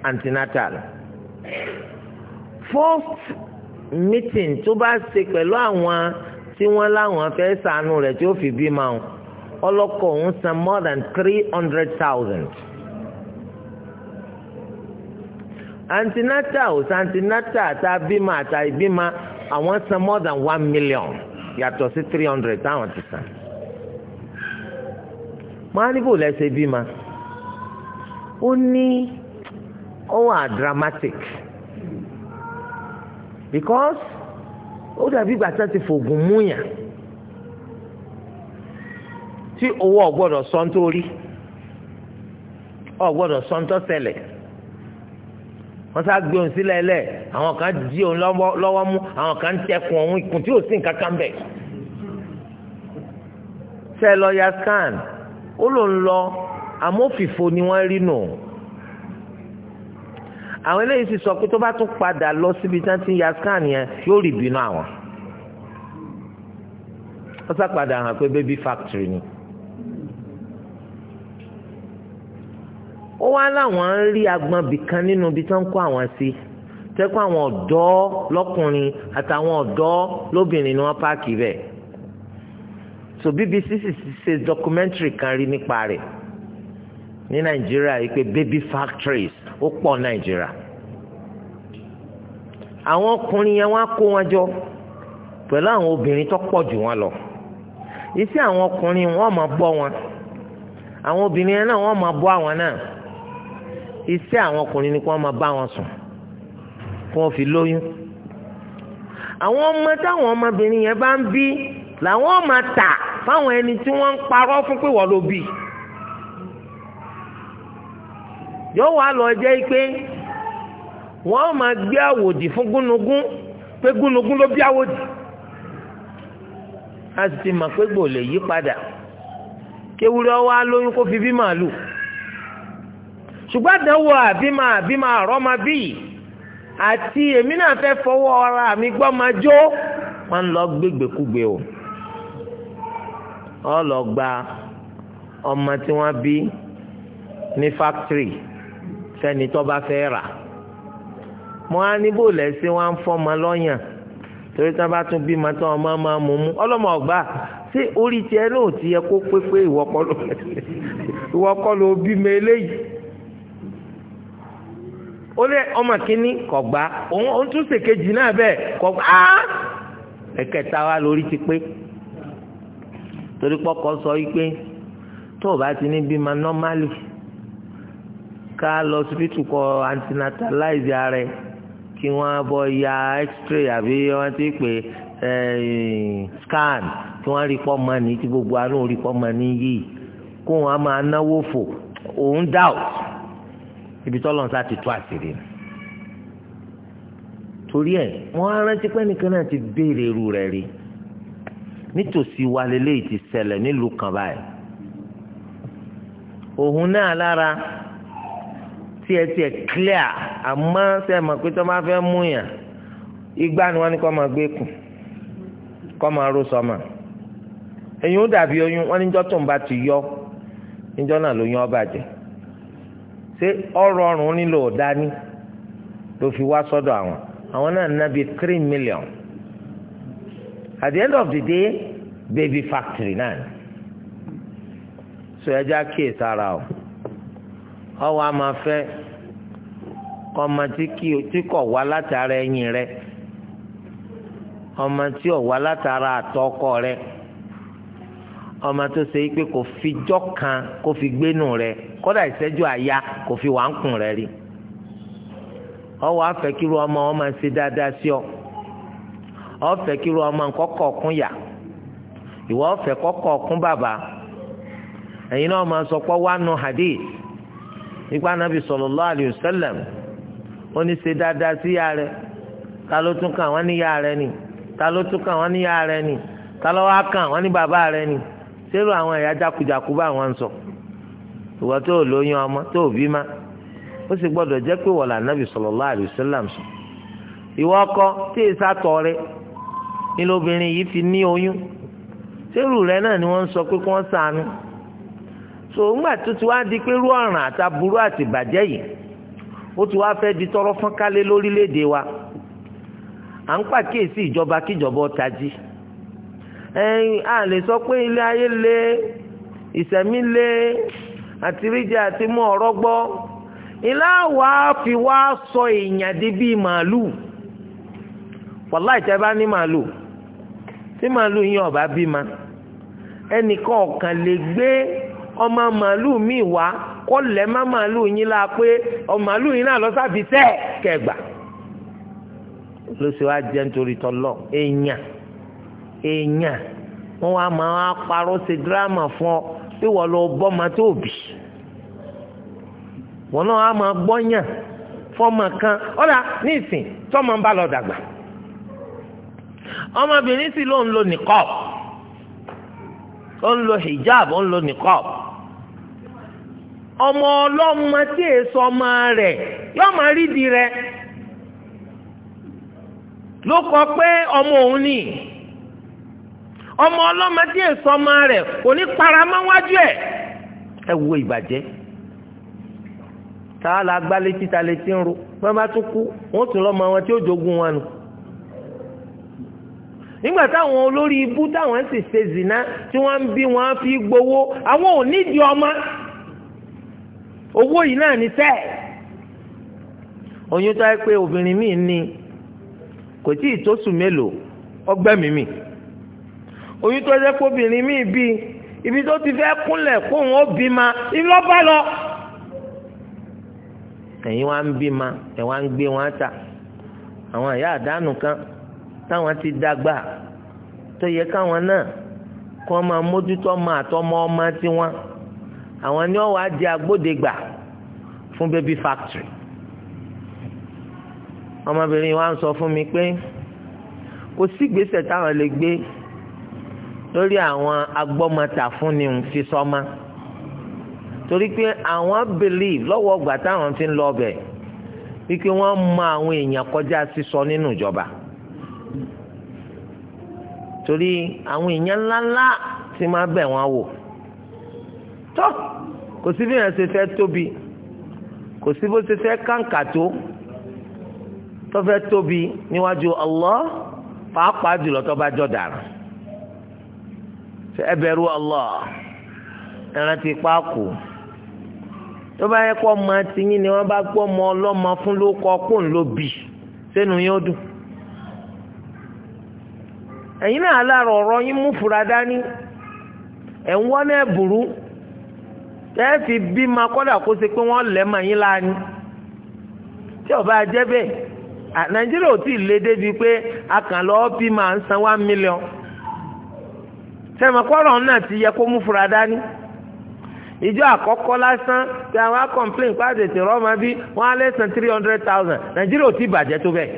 antenatal first meeting tó bá ṣe pẹ̀lú àwọn tí wọ́n láwọn fẹ́ ṣàánú rẹ̀ tí ó fi bí ọlọ́kọ òun san more than three hundred thousand antinata ò san antinata àtà bímọ àtà ìbímọ àwọn san more than one million yàtọ̀ sí three hundred táwọn ti san mọ́nìbò lẹ́sẹ̀ bímọ ó ní ó wà dramatic because ó dàbí gbàtà ti fògùn múyàn tí owó ọ̀gbọ́dọ̀ sọ ń tó rí ọ̀gbọ́dọ̀ sọ ń tó ṣẹlẹ̀ wọ́n sá gbé òun sílẹ̀ lẹ̀ àwọn kan jí òun lọ́wọ́ mú àwọn kan tẹkùn òun ikùn tí ò sí nǹkan kan bẹ̀. sẹ́ lọ́ọ̀yà scan ó ló ń lọ amófìfo ni wọ́n rí nù. àwọn eléyìí sì sọ pé tó bá tún padà lọ síbi tí ya scan yẹn yóò rí ìbínú àwọn. wọ́n sá padà hàn pé baby factory ni. ó wá láwọn ń rí agbọn bìkan nínú ibi tó ń kó àwọn sí tẹ́kọ̀ àwọn ọ̀dọ́ lọ́kùnrin àtàwọn ọ̀dọ́ lóbìnrin ni wọ́n páàkì bẹ̀ so BBC sì ṣe documentary kan rí nípa rẹ̀ ní nàìjíríà yìí pé baby factories ó pọ̀ nàìjíríà àwọn ọkùnrin yẹn wọ́n á kó wọn jọ pẹ̀lú àwọn obìnrin tó pọ̀ jù wọn lọ iṣẹ́ àwọn ọkùnrin wọ́n máa bọ́ wọn àwọn obìnrin yẹn náà wọ́n máa bọ́ àwọn náà iṣẹ́ àwọn ọkùnrin ni kí wọ́n máa bá wọn sùn kí wọ́n fi lóyún àwọn ọmọ táwọn ọmọbìnrin yẹn bá ń bí làwọn máa tà fáwọn ẹni tí wọ́n ń parọ́ fún pé wọ́n ló bí yóò wá lọ jẹ́ pé wọ́n máa gbé àwòdì fún gúnugún pé gúnugún ló bí àwòdì a ti mọ̀ pé gbò yí padà kéwúrẹ́ wá lóyún kó fi bí màálù ṣùgbọ́n àdánwò àbímọ àbímọ àrọ́mọ bíi àti èmi náà fẹ́ fọwọ́ ara mi gbọ́ máa jó wọ́n lọ gbégbèkúgbè o ọ lọ gba ọmọ tí wọ́n bí ní fákítírì fẹ́ni tó bá fẹ́ rà mo á níbò lẹ́sìn wọn fọmọ lọ́yàn torí tí wọ́n bá tún bímọ tí wọ́n máa máa mú mú ọlọ́mọ ọ̀gbà ṣé orí tiẹ̀ náà ti yẹ kó pépé ìwọ́kọ́ ló *laughs* bí mi eléyìí ó lé ọmọ kínní kọ̀gbá òun tún ṣèkejì náà bẹ́ẹ̀ kọ̀gbá ẹ̀kẹta wa lórí ti pé torí pọ́kọ sọ wípé tó o bá ti ní bímọ nọ́málì ká lọ síbítù kọ antinatalize ara ẹ kí wọ́n bọ ya x-ray àbí wọ́n ti pè eh, scan kí wọ́n rí pọ́ mọ́ni tí gbogbo àánú rí pọ́ mọ́ni yìí kó wọn máa náwó fò òun doubt ibi tọ́lọ́run sá ti tú àṣírí nù torí ẹ̀ wọ́n á rántí pé nìkan náà ti béèrè irú rẹ̀ rí nítòsí wa lélẹ́yìí ti ṣẹlẹ̀ nílùú kan báyìí òun náà lára tí ẹ clear àmọ́ ṣe mọ̀ pé tó máa fẹ́ mú yàn igbá ni wọ́n ní kó máa gbé kù kó máa ró sọmọ ẹ̀yin ó dàbí oyún wọ́n níjọ́ tó ń bá ti yọ níjọ́ náà ló yún ọ bàjẹ́ ṣé ọrọ̀ ọrùn nílò dání ló fi wá sọdụ àwọn àwọn náà ná bíi three million at the end of the day baby factory náà ni so ẹ já kíyè sára o ọwọ́ a máa fẹ́ ọmọ tí kò wá látara ẹyin rẹ ọmọ tí ò wá látara àtọkọ rẹ ọmọ tó ṣe é pé kò jọ kan kó fi gbénu rẹ. kódà ìṣẹ́jú àyà kò fi wà ń kùn rẹ̀ rí ọwọ́ dada ọmọ ọmọ ṣe dáadáa sí ọ ọfẹ́ ọmọ kọ́kọ́ yà ìwọ ọfẹ́ kọ́kọ́ bàbá ẹ̀yin náà máa sọ pé wà hadith nípa anábì ó ní ṣe dáadáa sí ya rẹ ta ló tún kàn wọ́n ní ya rẹ ni ta ló tún kàn wọ́n ní ya rẹ ni ta ló wá kàn wọ́n ní rẹ ni sẹ́rù àwọn ẹ̀yà jákujàku bá wọn ìwọ tó o lóyún ọmọ tó o bí ma ó sì gbọ́dọ̀ jẹ́ pé wọ́n là nàbì sallallahu alaihi wasallam sùn ọkọ tí èsì àtọ̀ rẹ ni lóbìnrin yìí fi ní oyún sẹ́rù rẹ náà ni wọ́n ń sọ pé kí wọ́n sànú so ńgbà tó ti wá di pé rú ọ̀ràn àtàbúrú àti ìbàjẹ́ yìí ó ti wá fẹ́ di tọrọ fọ́n kálé lórílẹ̀‐èdè wa à ń pàkíyèsí ìjọba kíjọba ọ̀tají ẹ̀yìn a lè sọ pé ilé ayé le ìsẹ̀mí le àti ríjẹ àti mú ọ̀rọ̀ gbọ́ ilá wa fi wá sọ èèyàn di bíi màálù wàláì tẹ́ bá ní màálù tí màálù yín ọba bímọ ẹnìkan ọ̀kan lè gbé ọmọ màálù míì wá kọ́ lẹ́ má màálù yín la pé ọmọ màálù yín náà lọ sáfi tẹ́ kẹgbà ló sì nítorí tọ́lọ́ èèyàn èèyàn wọ́n wá máa parọ́ ṣe dírámà fún ọ pé wọ́n lọ bọ́mọ tó bì wọ́n náà á máa gbọ́yàn fọ́mọ kan ọ̀dà ní ìsìn tọ́mọ ń bá lọ dàgbà ọmọbìnrin sì ló ń lo nìkọ́ọ̀ ó ń lo hijab ó ń lo nìkọ́ọ̀ ọmọ ọlọ́mọ tí èso ọmọ rẹ̀ yóò rí rídìí rẹ ló kọ pé ọmọ òun nìyí ọmọ ọlọ́mọ tí èso ọmọ rẹ̀ kò ní paramọ́ wájú ẹ̀ ẹ wo ìbàjẹ́ tá a la gbá létí ta létí ń ro bá bá tún kú wọn tún lọ́mọ wọn tí ó jogún wọn nù nígbà táwọn olórí ibú táwọn sì ṣe zìnà tí wọ́n ń bí wọn fi gbowó àwọn ò nídìí ọmọ owó yìí náà ní sẹ́ẹ̀ oyún tó yẹ pé obìnrin míì ní kò tí ì tó sùn mélòó ọgbẹ́ mímì oyún tó jẹ́ kóbìnrin míì bí ibi tó ti fẹ́ kúnlẹ̀ kóhun ó bí ma ibi ó bá lọ. ẹ̀yin wá ń bí ma ẹ̀ wá ń gbé wọn ta àwọn ìyá àdánù kan táwọn ti dàgbà tó yẹ káwọn náà kó máa mójútó ọmọ àtọmọ ọmọ tiwọn àwọn ni wọn wá di agbódegbà fún baby factory ọmọbìnrin wa ń sọ fún mi pé kò sí ìgbésẹ̀ táwọn lè gbé lórí àwọn agbọ́mọta fúnni fi sọ́mọ́ torí pé àwọn believe lọ́wọ́ ọgbà táwọn fi ń lọ ọbẹ̀ wípé wọ́n mọ àwọn èèyàn kọjá sísọ nínú ìjọba torí àwọn èèyàn ńláńlá ti máa bẹ̀ wọ́n wò tó kò sí bí èèyàn ṣe fẹ́ tóbi kò sí bó ṣe fẹ́ kàǹkà tó tó fẹ́ tóbi níwájú Allah pàápàá jùlọ tó bá jọ dàrán. ẹ bẹ̀rù Allah ẹrántí pákó tó bá yẹ kó ọmọ tiyín ni wọn bá gbọ́ ọmọ ọlọ́mọ fún ló kọ kó ń lo bì sẹ́nu yín ó dùn. ẹ̀yin náà aláàrọ̀ ọ̀rọ̀ yín mú fura dání ẹ̀ ń wọ́n náà burú tẹ́ẹ̀fì bímọ kọ́dà kó ṣe pé wọ́n lẹ́ mọ̀ yín láàánú tí ọba jẹ́ bẹ́ẹ̀ nàìjíríà ò tí ì lé débi pé a kàn lọ́ọ́ bímọ à ń san one million sẹ́mi kọ́rọ̀ náà ti yẹ kó mú fura dání ìjọ àkọ́kọ́ lásán tí àwọn akọ̀mplain pàtẹ́tẹ̀ rọ́ọ̀mà bí wọ́n á lẹ́sàn three hundred thousand nàìjíríà ò tí bàjẹ́ tó bẹ́ẹ̀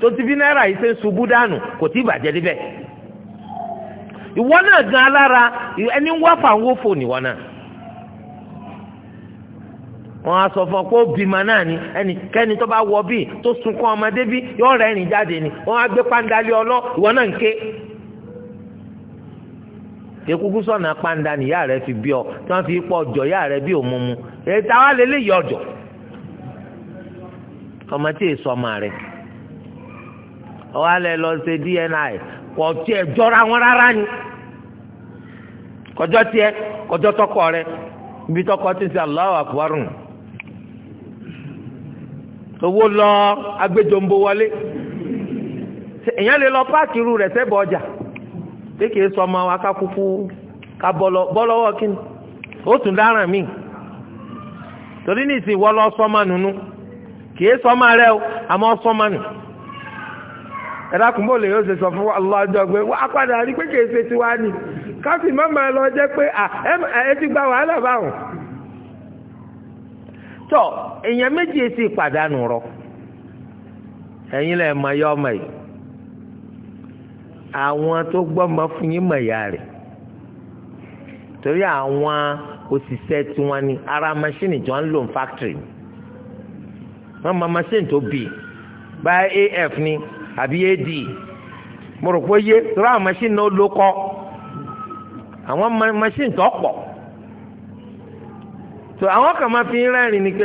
tó ti bí náírà yìí ṣe ń ṣubú dànù kò tí bàjẹ́ débẹ̀ ìwọ náà gan alára ẹni wá fàwọn fò níwọ náà wọn á sọ fún ọ pé ó bímọ náà ni ẹnikẹ́ni tó bá wọ bíi tó sunkún ọmọdé bíi yọ̀ọ́ rẹ̀ rìn jáde ni wọn á gbé pàǹdálí ọlọ́ ìwọ náà ń ké. ekuku sọ̀nà pàǹdà nìyá rẹ̀ fi bí ọ tí wọ́n fi pọ̀ ọjọ́ yá rẹ̀ bí òmumu ètò àwa lè yọ ọjọ́ ọmọ tí èso ọmọ rẹ̀ ọwọ́ alẹ́ lọ ṣe DNI kò jọra wọn rárá ni kọjọ́ tọkọ ibi tọkọ ti sẹ Allahu Akbar owó lọ agbẹjọ ń wọlé èèyàn ọjà. pé kìí sọ ọmọ wa ká kúkú bọ́ lọ́wọ́ kí ni ó tún dáràn mí torí ní ìsìn wọ́ nùnú rẹ o àmọ́ sọ́mọ nù ẹ dákun bó lè yóò ṣe sọ fún pé á padà rí pé ṣe tiwa ni káfí mọ́mọ́ ẹ lọ jẹ́ pé ẹ ti gba wàhálà báwọn tọ èèyàn méjì ti pàdánù rọ àwọn tó gbọ́ mọ fún yín mọ̀ ìyá rẹ̀ torí àwọn òṣìṣẹ́ tiwọn ni ara machine tí wọ́n ń lò ní factory wọ́n mọ machine tó bì báyìí af ni àbí ad mo rò pé yé torí àwọn machine náà ló kọ́ àwọn machine tó pọ̀ tó àwọn kan máa fi ń rẹ́rìn ni pé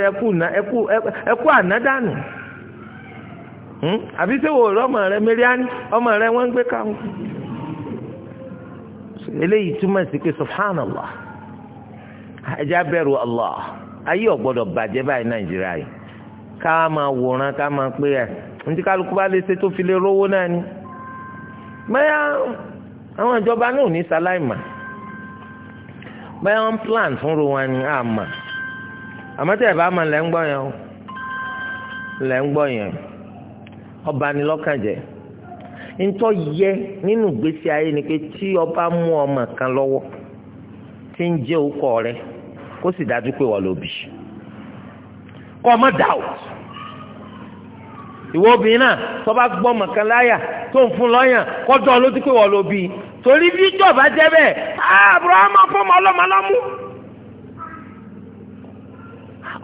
ẹkú ànádànù. Hmm? àbí tí wò rọ́mọ rẹ mẹ́ríání ọmọ rẹ wọ́n ń gbé káwọn. eléyìí túmọ̀ sí pé subhanallah ẹja bẹ̀rù allah ayé ọ̀gbọ́dọ̀ bàjẹ́ báyìí nàìjíríà yìí ká máa wòran ká máa pé ẹ̀ ntí kálukú bá lè ṣe tó fi lè rówó náà ni. bẹ́ẹ̀ àwọn ìjọba náà ò ní sáláìmà bẹ́ẹ̀ wọ́n plan fún wọn ni àmà àmọ́ tẹ̀ bá máa lẹ́ ń gbọ́ yẹn lẹ́ ń gbọ́ yẹn. ọba ni lọ́kàn jẹ́ ntọ́ yẹ nínú ìgbésí ayé ni pé tí ọba mú ọmọ kan lọ́wọ́ tí ń jẹ́ òkọ rẹ kó sì dájú pé wọ́n ló bí kọ́ ọmọ dáwọ̀ ìwọ obìnrin náà tọ́ba gbọ́ ọmọ kan láyà tó ń fún lọ́yàn kọ́jọ́ pé wọ́n ló bí torí bí jẹ́ bẹ́ẹ̀ àbúrò ah,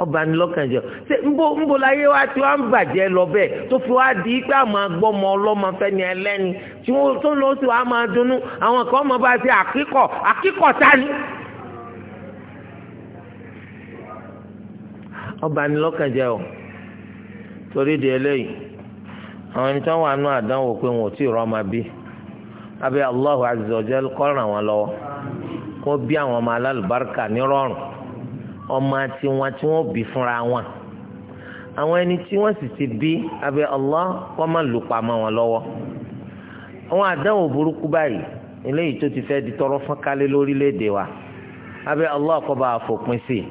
ọba ni lọ́kàn jẹ́ ṣé ńbo ńbo láyé wa tí wọ́n á ń bàjẹ́ lọ bẹ́ẹ̀ tó fi wá di pé àmọ́ agbọ́mọ ọlọ́mọ fẹ́ni ẹlẹ́ni tí wọ́n tó ń lọ sí wàá máa dunnú àwọn kan mọ̀ bá ṣe àkíkọ̀ àkíkọ̀ tani. ọba ni lọ́kàn jẹ́ o torí di eléyìí àwọn ẹni tí wọ́n wà nù àdánwò pé wọn ò tí ì rọ́ ọmọ bí abẹ́ Allahu azza wa ràn wọ́n lọ́wọ́ kó bí àwọn ọmọ alálùbáríkà nírọ̀rùn ọmọ àti wọn tí wọ́n bí fúnra wọn àwọn ẹni tí wọ́n sì ti bí abẹ́ Allah kọ́ máa lù pa mọ́ wọn lọ́wọ́ àwọn àdánwò burúkú báyìí eléyìí tó ti fẹ́ di tọrọ fún kálé lórílẹ̀‐èdè wa abẹ́ Allah kó bá wa fòpin sí i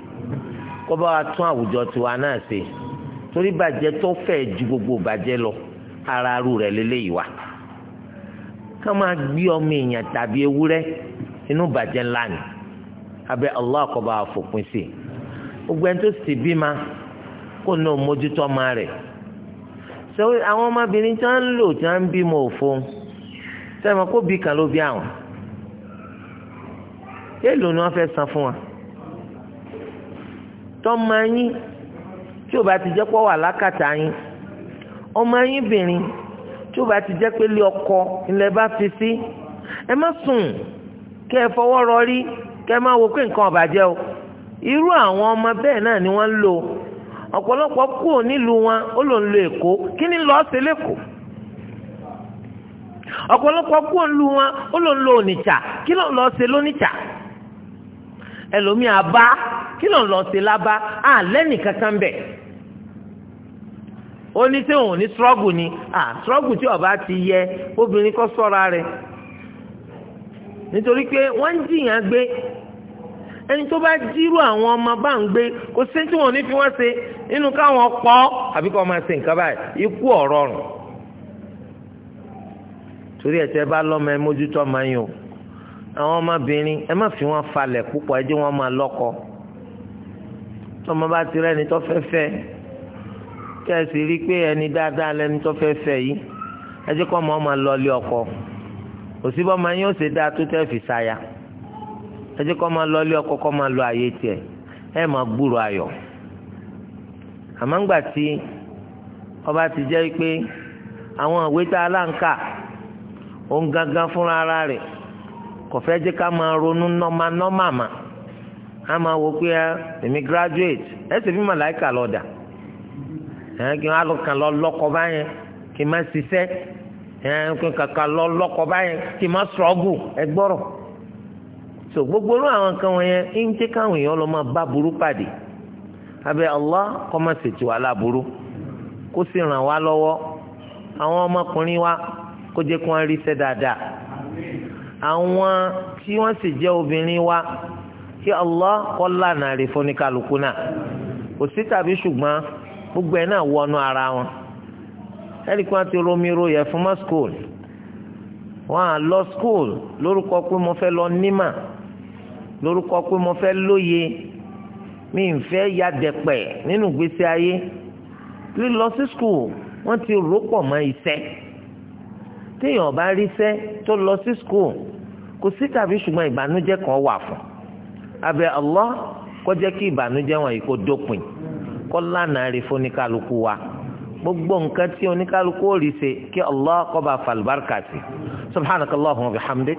kó bá wa tún àwùjọ tiwa náà sí i torí bàjẹ́ tó fẹ́ ju gbogbo bàjẹ́ lọ ara arú rẹ̀ lélẹ́yìí wa ká máa gbé ọmọ èèyàn tàbí ewúrẹ́ inú bàjẹ́ ńlá ni abẹ́ Allah kó bá wa fòpin sí i gbogbo ẹni tó sì bímọ kó náà mójútó ọmọ rẹ̀ sọ àwọn ọmọbìnrin tí wọ́n ń lò tí wọ́n ń bímọ òfo sẹ́wọ̀n kó bí kan ló bí àwọn èèlò ni wọ́n fẹ́ san fún wa tọ́mọ yín tí ò bá ti jẹ́ pọ́ wà lákàtà yín ọmọ yín bìnrin tí ó bá ti jẹ́ pé lé ọkọ ilẹ̀ bá fi sí ẹ má sùn kẹ́ ẹ fọwọ́ rọrí kẹ́ ẹ má wo pé nǹkan ọ̀bàjẹ́ o irú àwọn ọmọ bẹ́ẹ̀ náà ni wọ́n ń ọ̀pọ̀lọpọ̀ kú nílùú wọn ó lo èkó kí ni lọ́ọ́ ṣe lẹ́kọ̀ọ́ ọ̀pọ̀lọpọ̀ kú nílùú wọn ó lò ń lo onìjà kí ló ń lọ́ọ́ ṣe lónìjà ẹlòmíì àbá kí ló ń lọ́ọ́ ṣe lábá àlẹ́ nìkan kan bẹ̀ ó ní ni a struggle tí ọba ti yẹ obìnrin kọ́ sọ́ra rẹ̀ nítorí pé wọ́n ń ẹni tó bá jírú àwọn ọmọ bá ń gbé kò sí tí wọn ò ní fi wọn ṣe nínú káwọn pọ àbí kọ́ máa ṣe nǹkan báyìí ikú ọ̀rọ̀ rùn torí ẹ̀tẹ́ bá lọ́mọ ẹ mójútó máa ń yàn àwọn ọmọbìnrin ẹ má fi wọn falẹ̀ púpọ̀ ẹ jẹ́ wọn máa lọ́kọ tọmọ bá ti rẹ́ni tó fẹ́ fẹ́ kí ẹ sì rí i pé ẹni dáadáa lẹni tó fẹ́ fẹ́ yìí ẹ jẹ́ kọ́ ọmọ ọmọ lọ́ọ́lé ọkọ òsínbọ́n máa yín ó ẹ kọ kó máa lọ ilé ọkọ ma máa lọ àyè tiẹ̀ ẹ máa gbúrò ayọ̀ àmọ́ tí ọba ti jẹ́ pé àwọn ìwé tá a láǹkà òun gangan fúnra ara rẹ kò fẹ́ jẹ́ ká máa ronú nọ́mà nọ́mà mà á máa wò pé èmi graduate ẹ sì fi màláìkà kí so gbogbo irú àwọn nǹkan wọn ń jẹ́ káwọn èèyàn lọ máa bá burú pàdé abẹ́ Allah kó má ṣe tì kó sì ràn wá àwọn ọmọkùnrin wa kó jẹ́ kó wọ́n rí iṣẹ́ dáadáa àwọn tí wa kí ọlọ lànà rè fún ní kálukú náà kò sí tàbí gbogbo náà ara wọn ẹnì kan ti romi ro yẹ fún wọn à lọ skool lórúkọ pé mo lọ nímà lórúkọ pé mo fẹ́ lóye mi ń fẹ́ ya dẹ̀pẹ̀ nínú ìgbésí ayé lílọ sí skul wọ́n ti rò pọ̀ mọ́ iṣẹ́ téèyàn bá rí iṣẹ́ tó lọ sí skul kò sí tàbí ṣùgbọ́n ìbànújẹ́ kan wà fún abẹ́ Allah kó jẹ́ kí ìbànújẹ́ wọn yìí kó dópin kó lánàá rí fún oníkálukú wa gbogbo nǹkan tí oníkálukú ò rí ṣe kí Allah kó bá falùbáríkà sí subhanakallahumma wa bihamdik.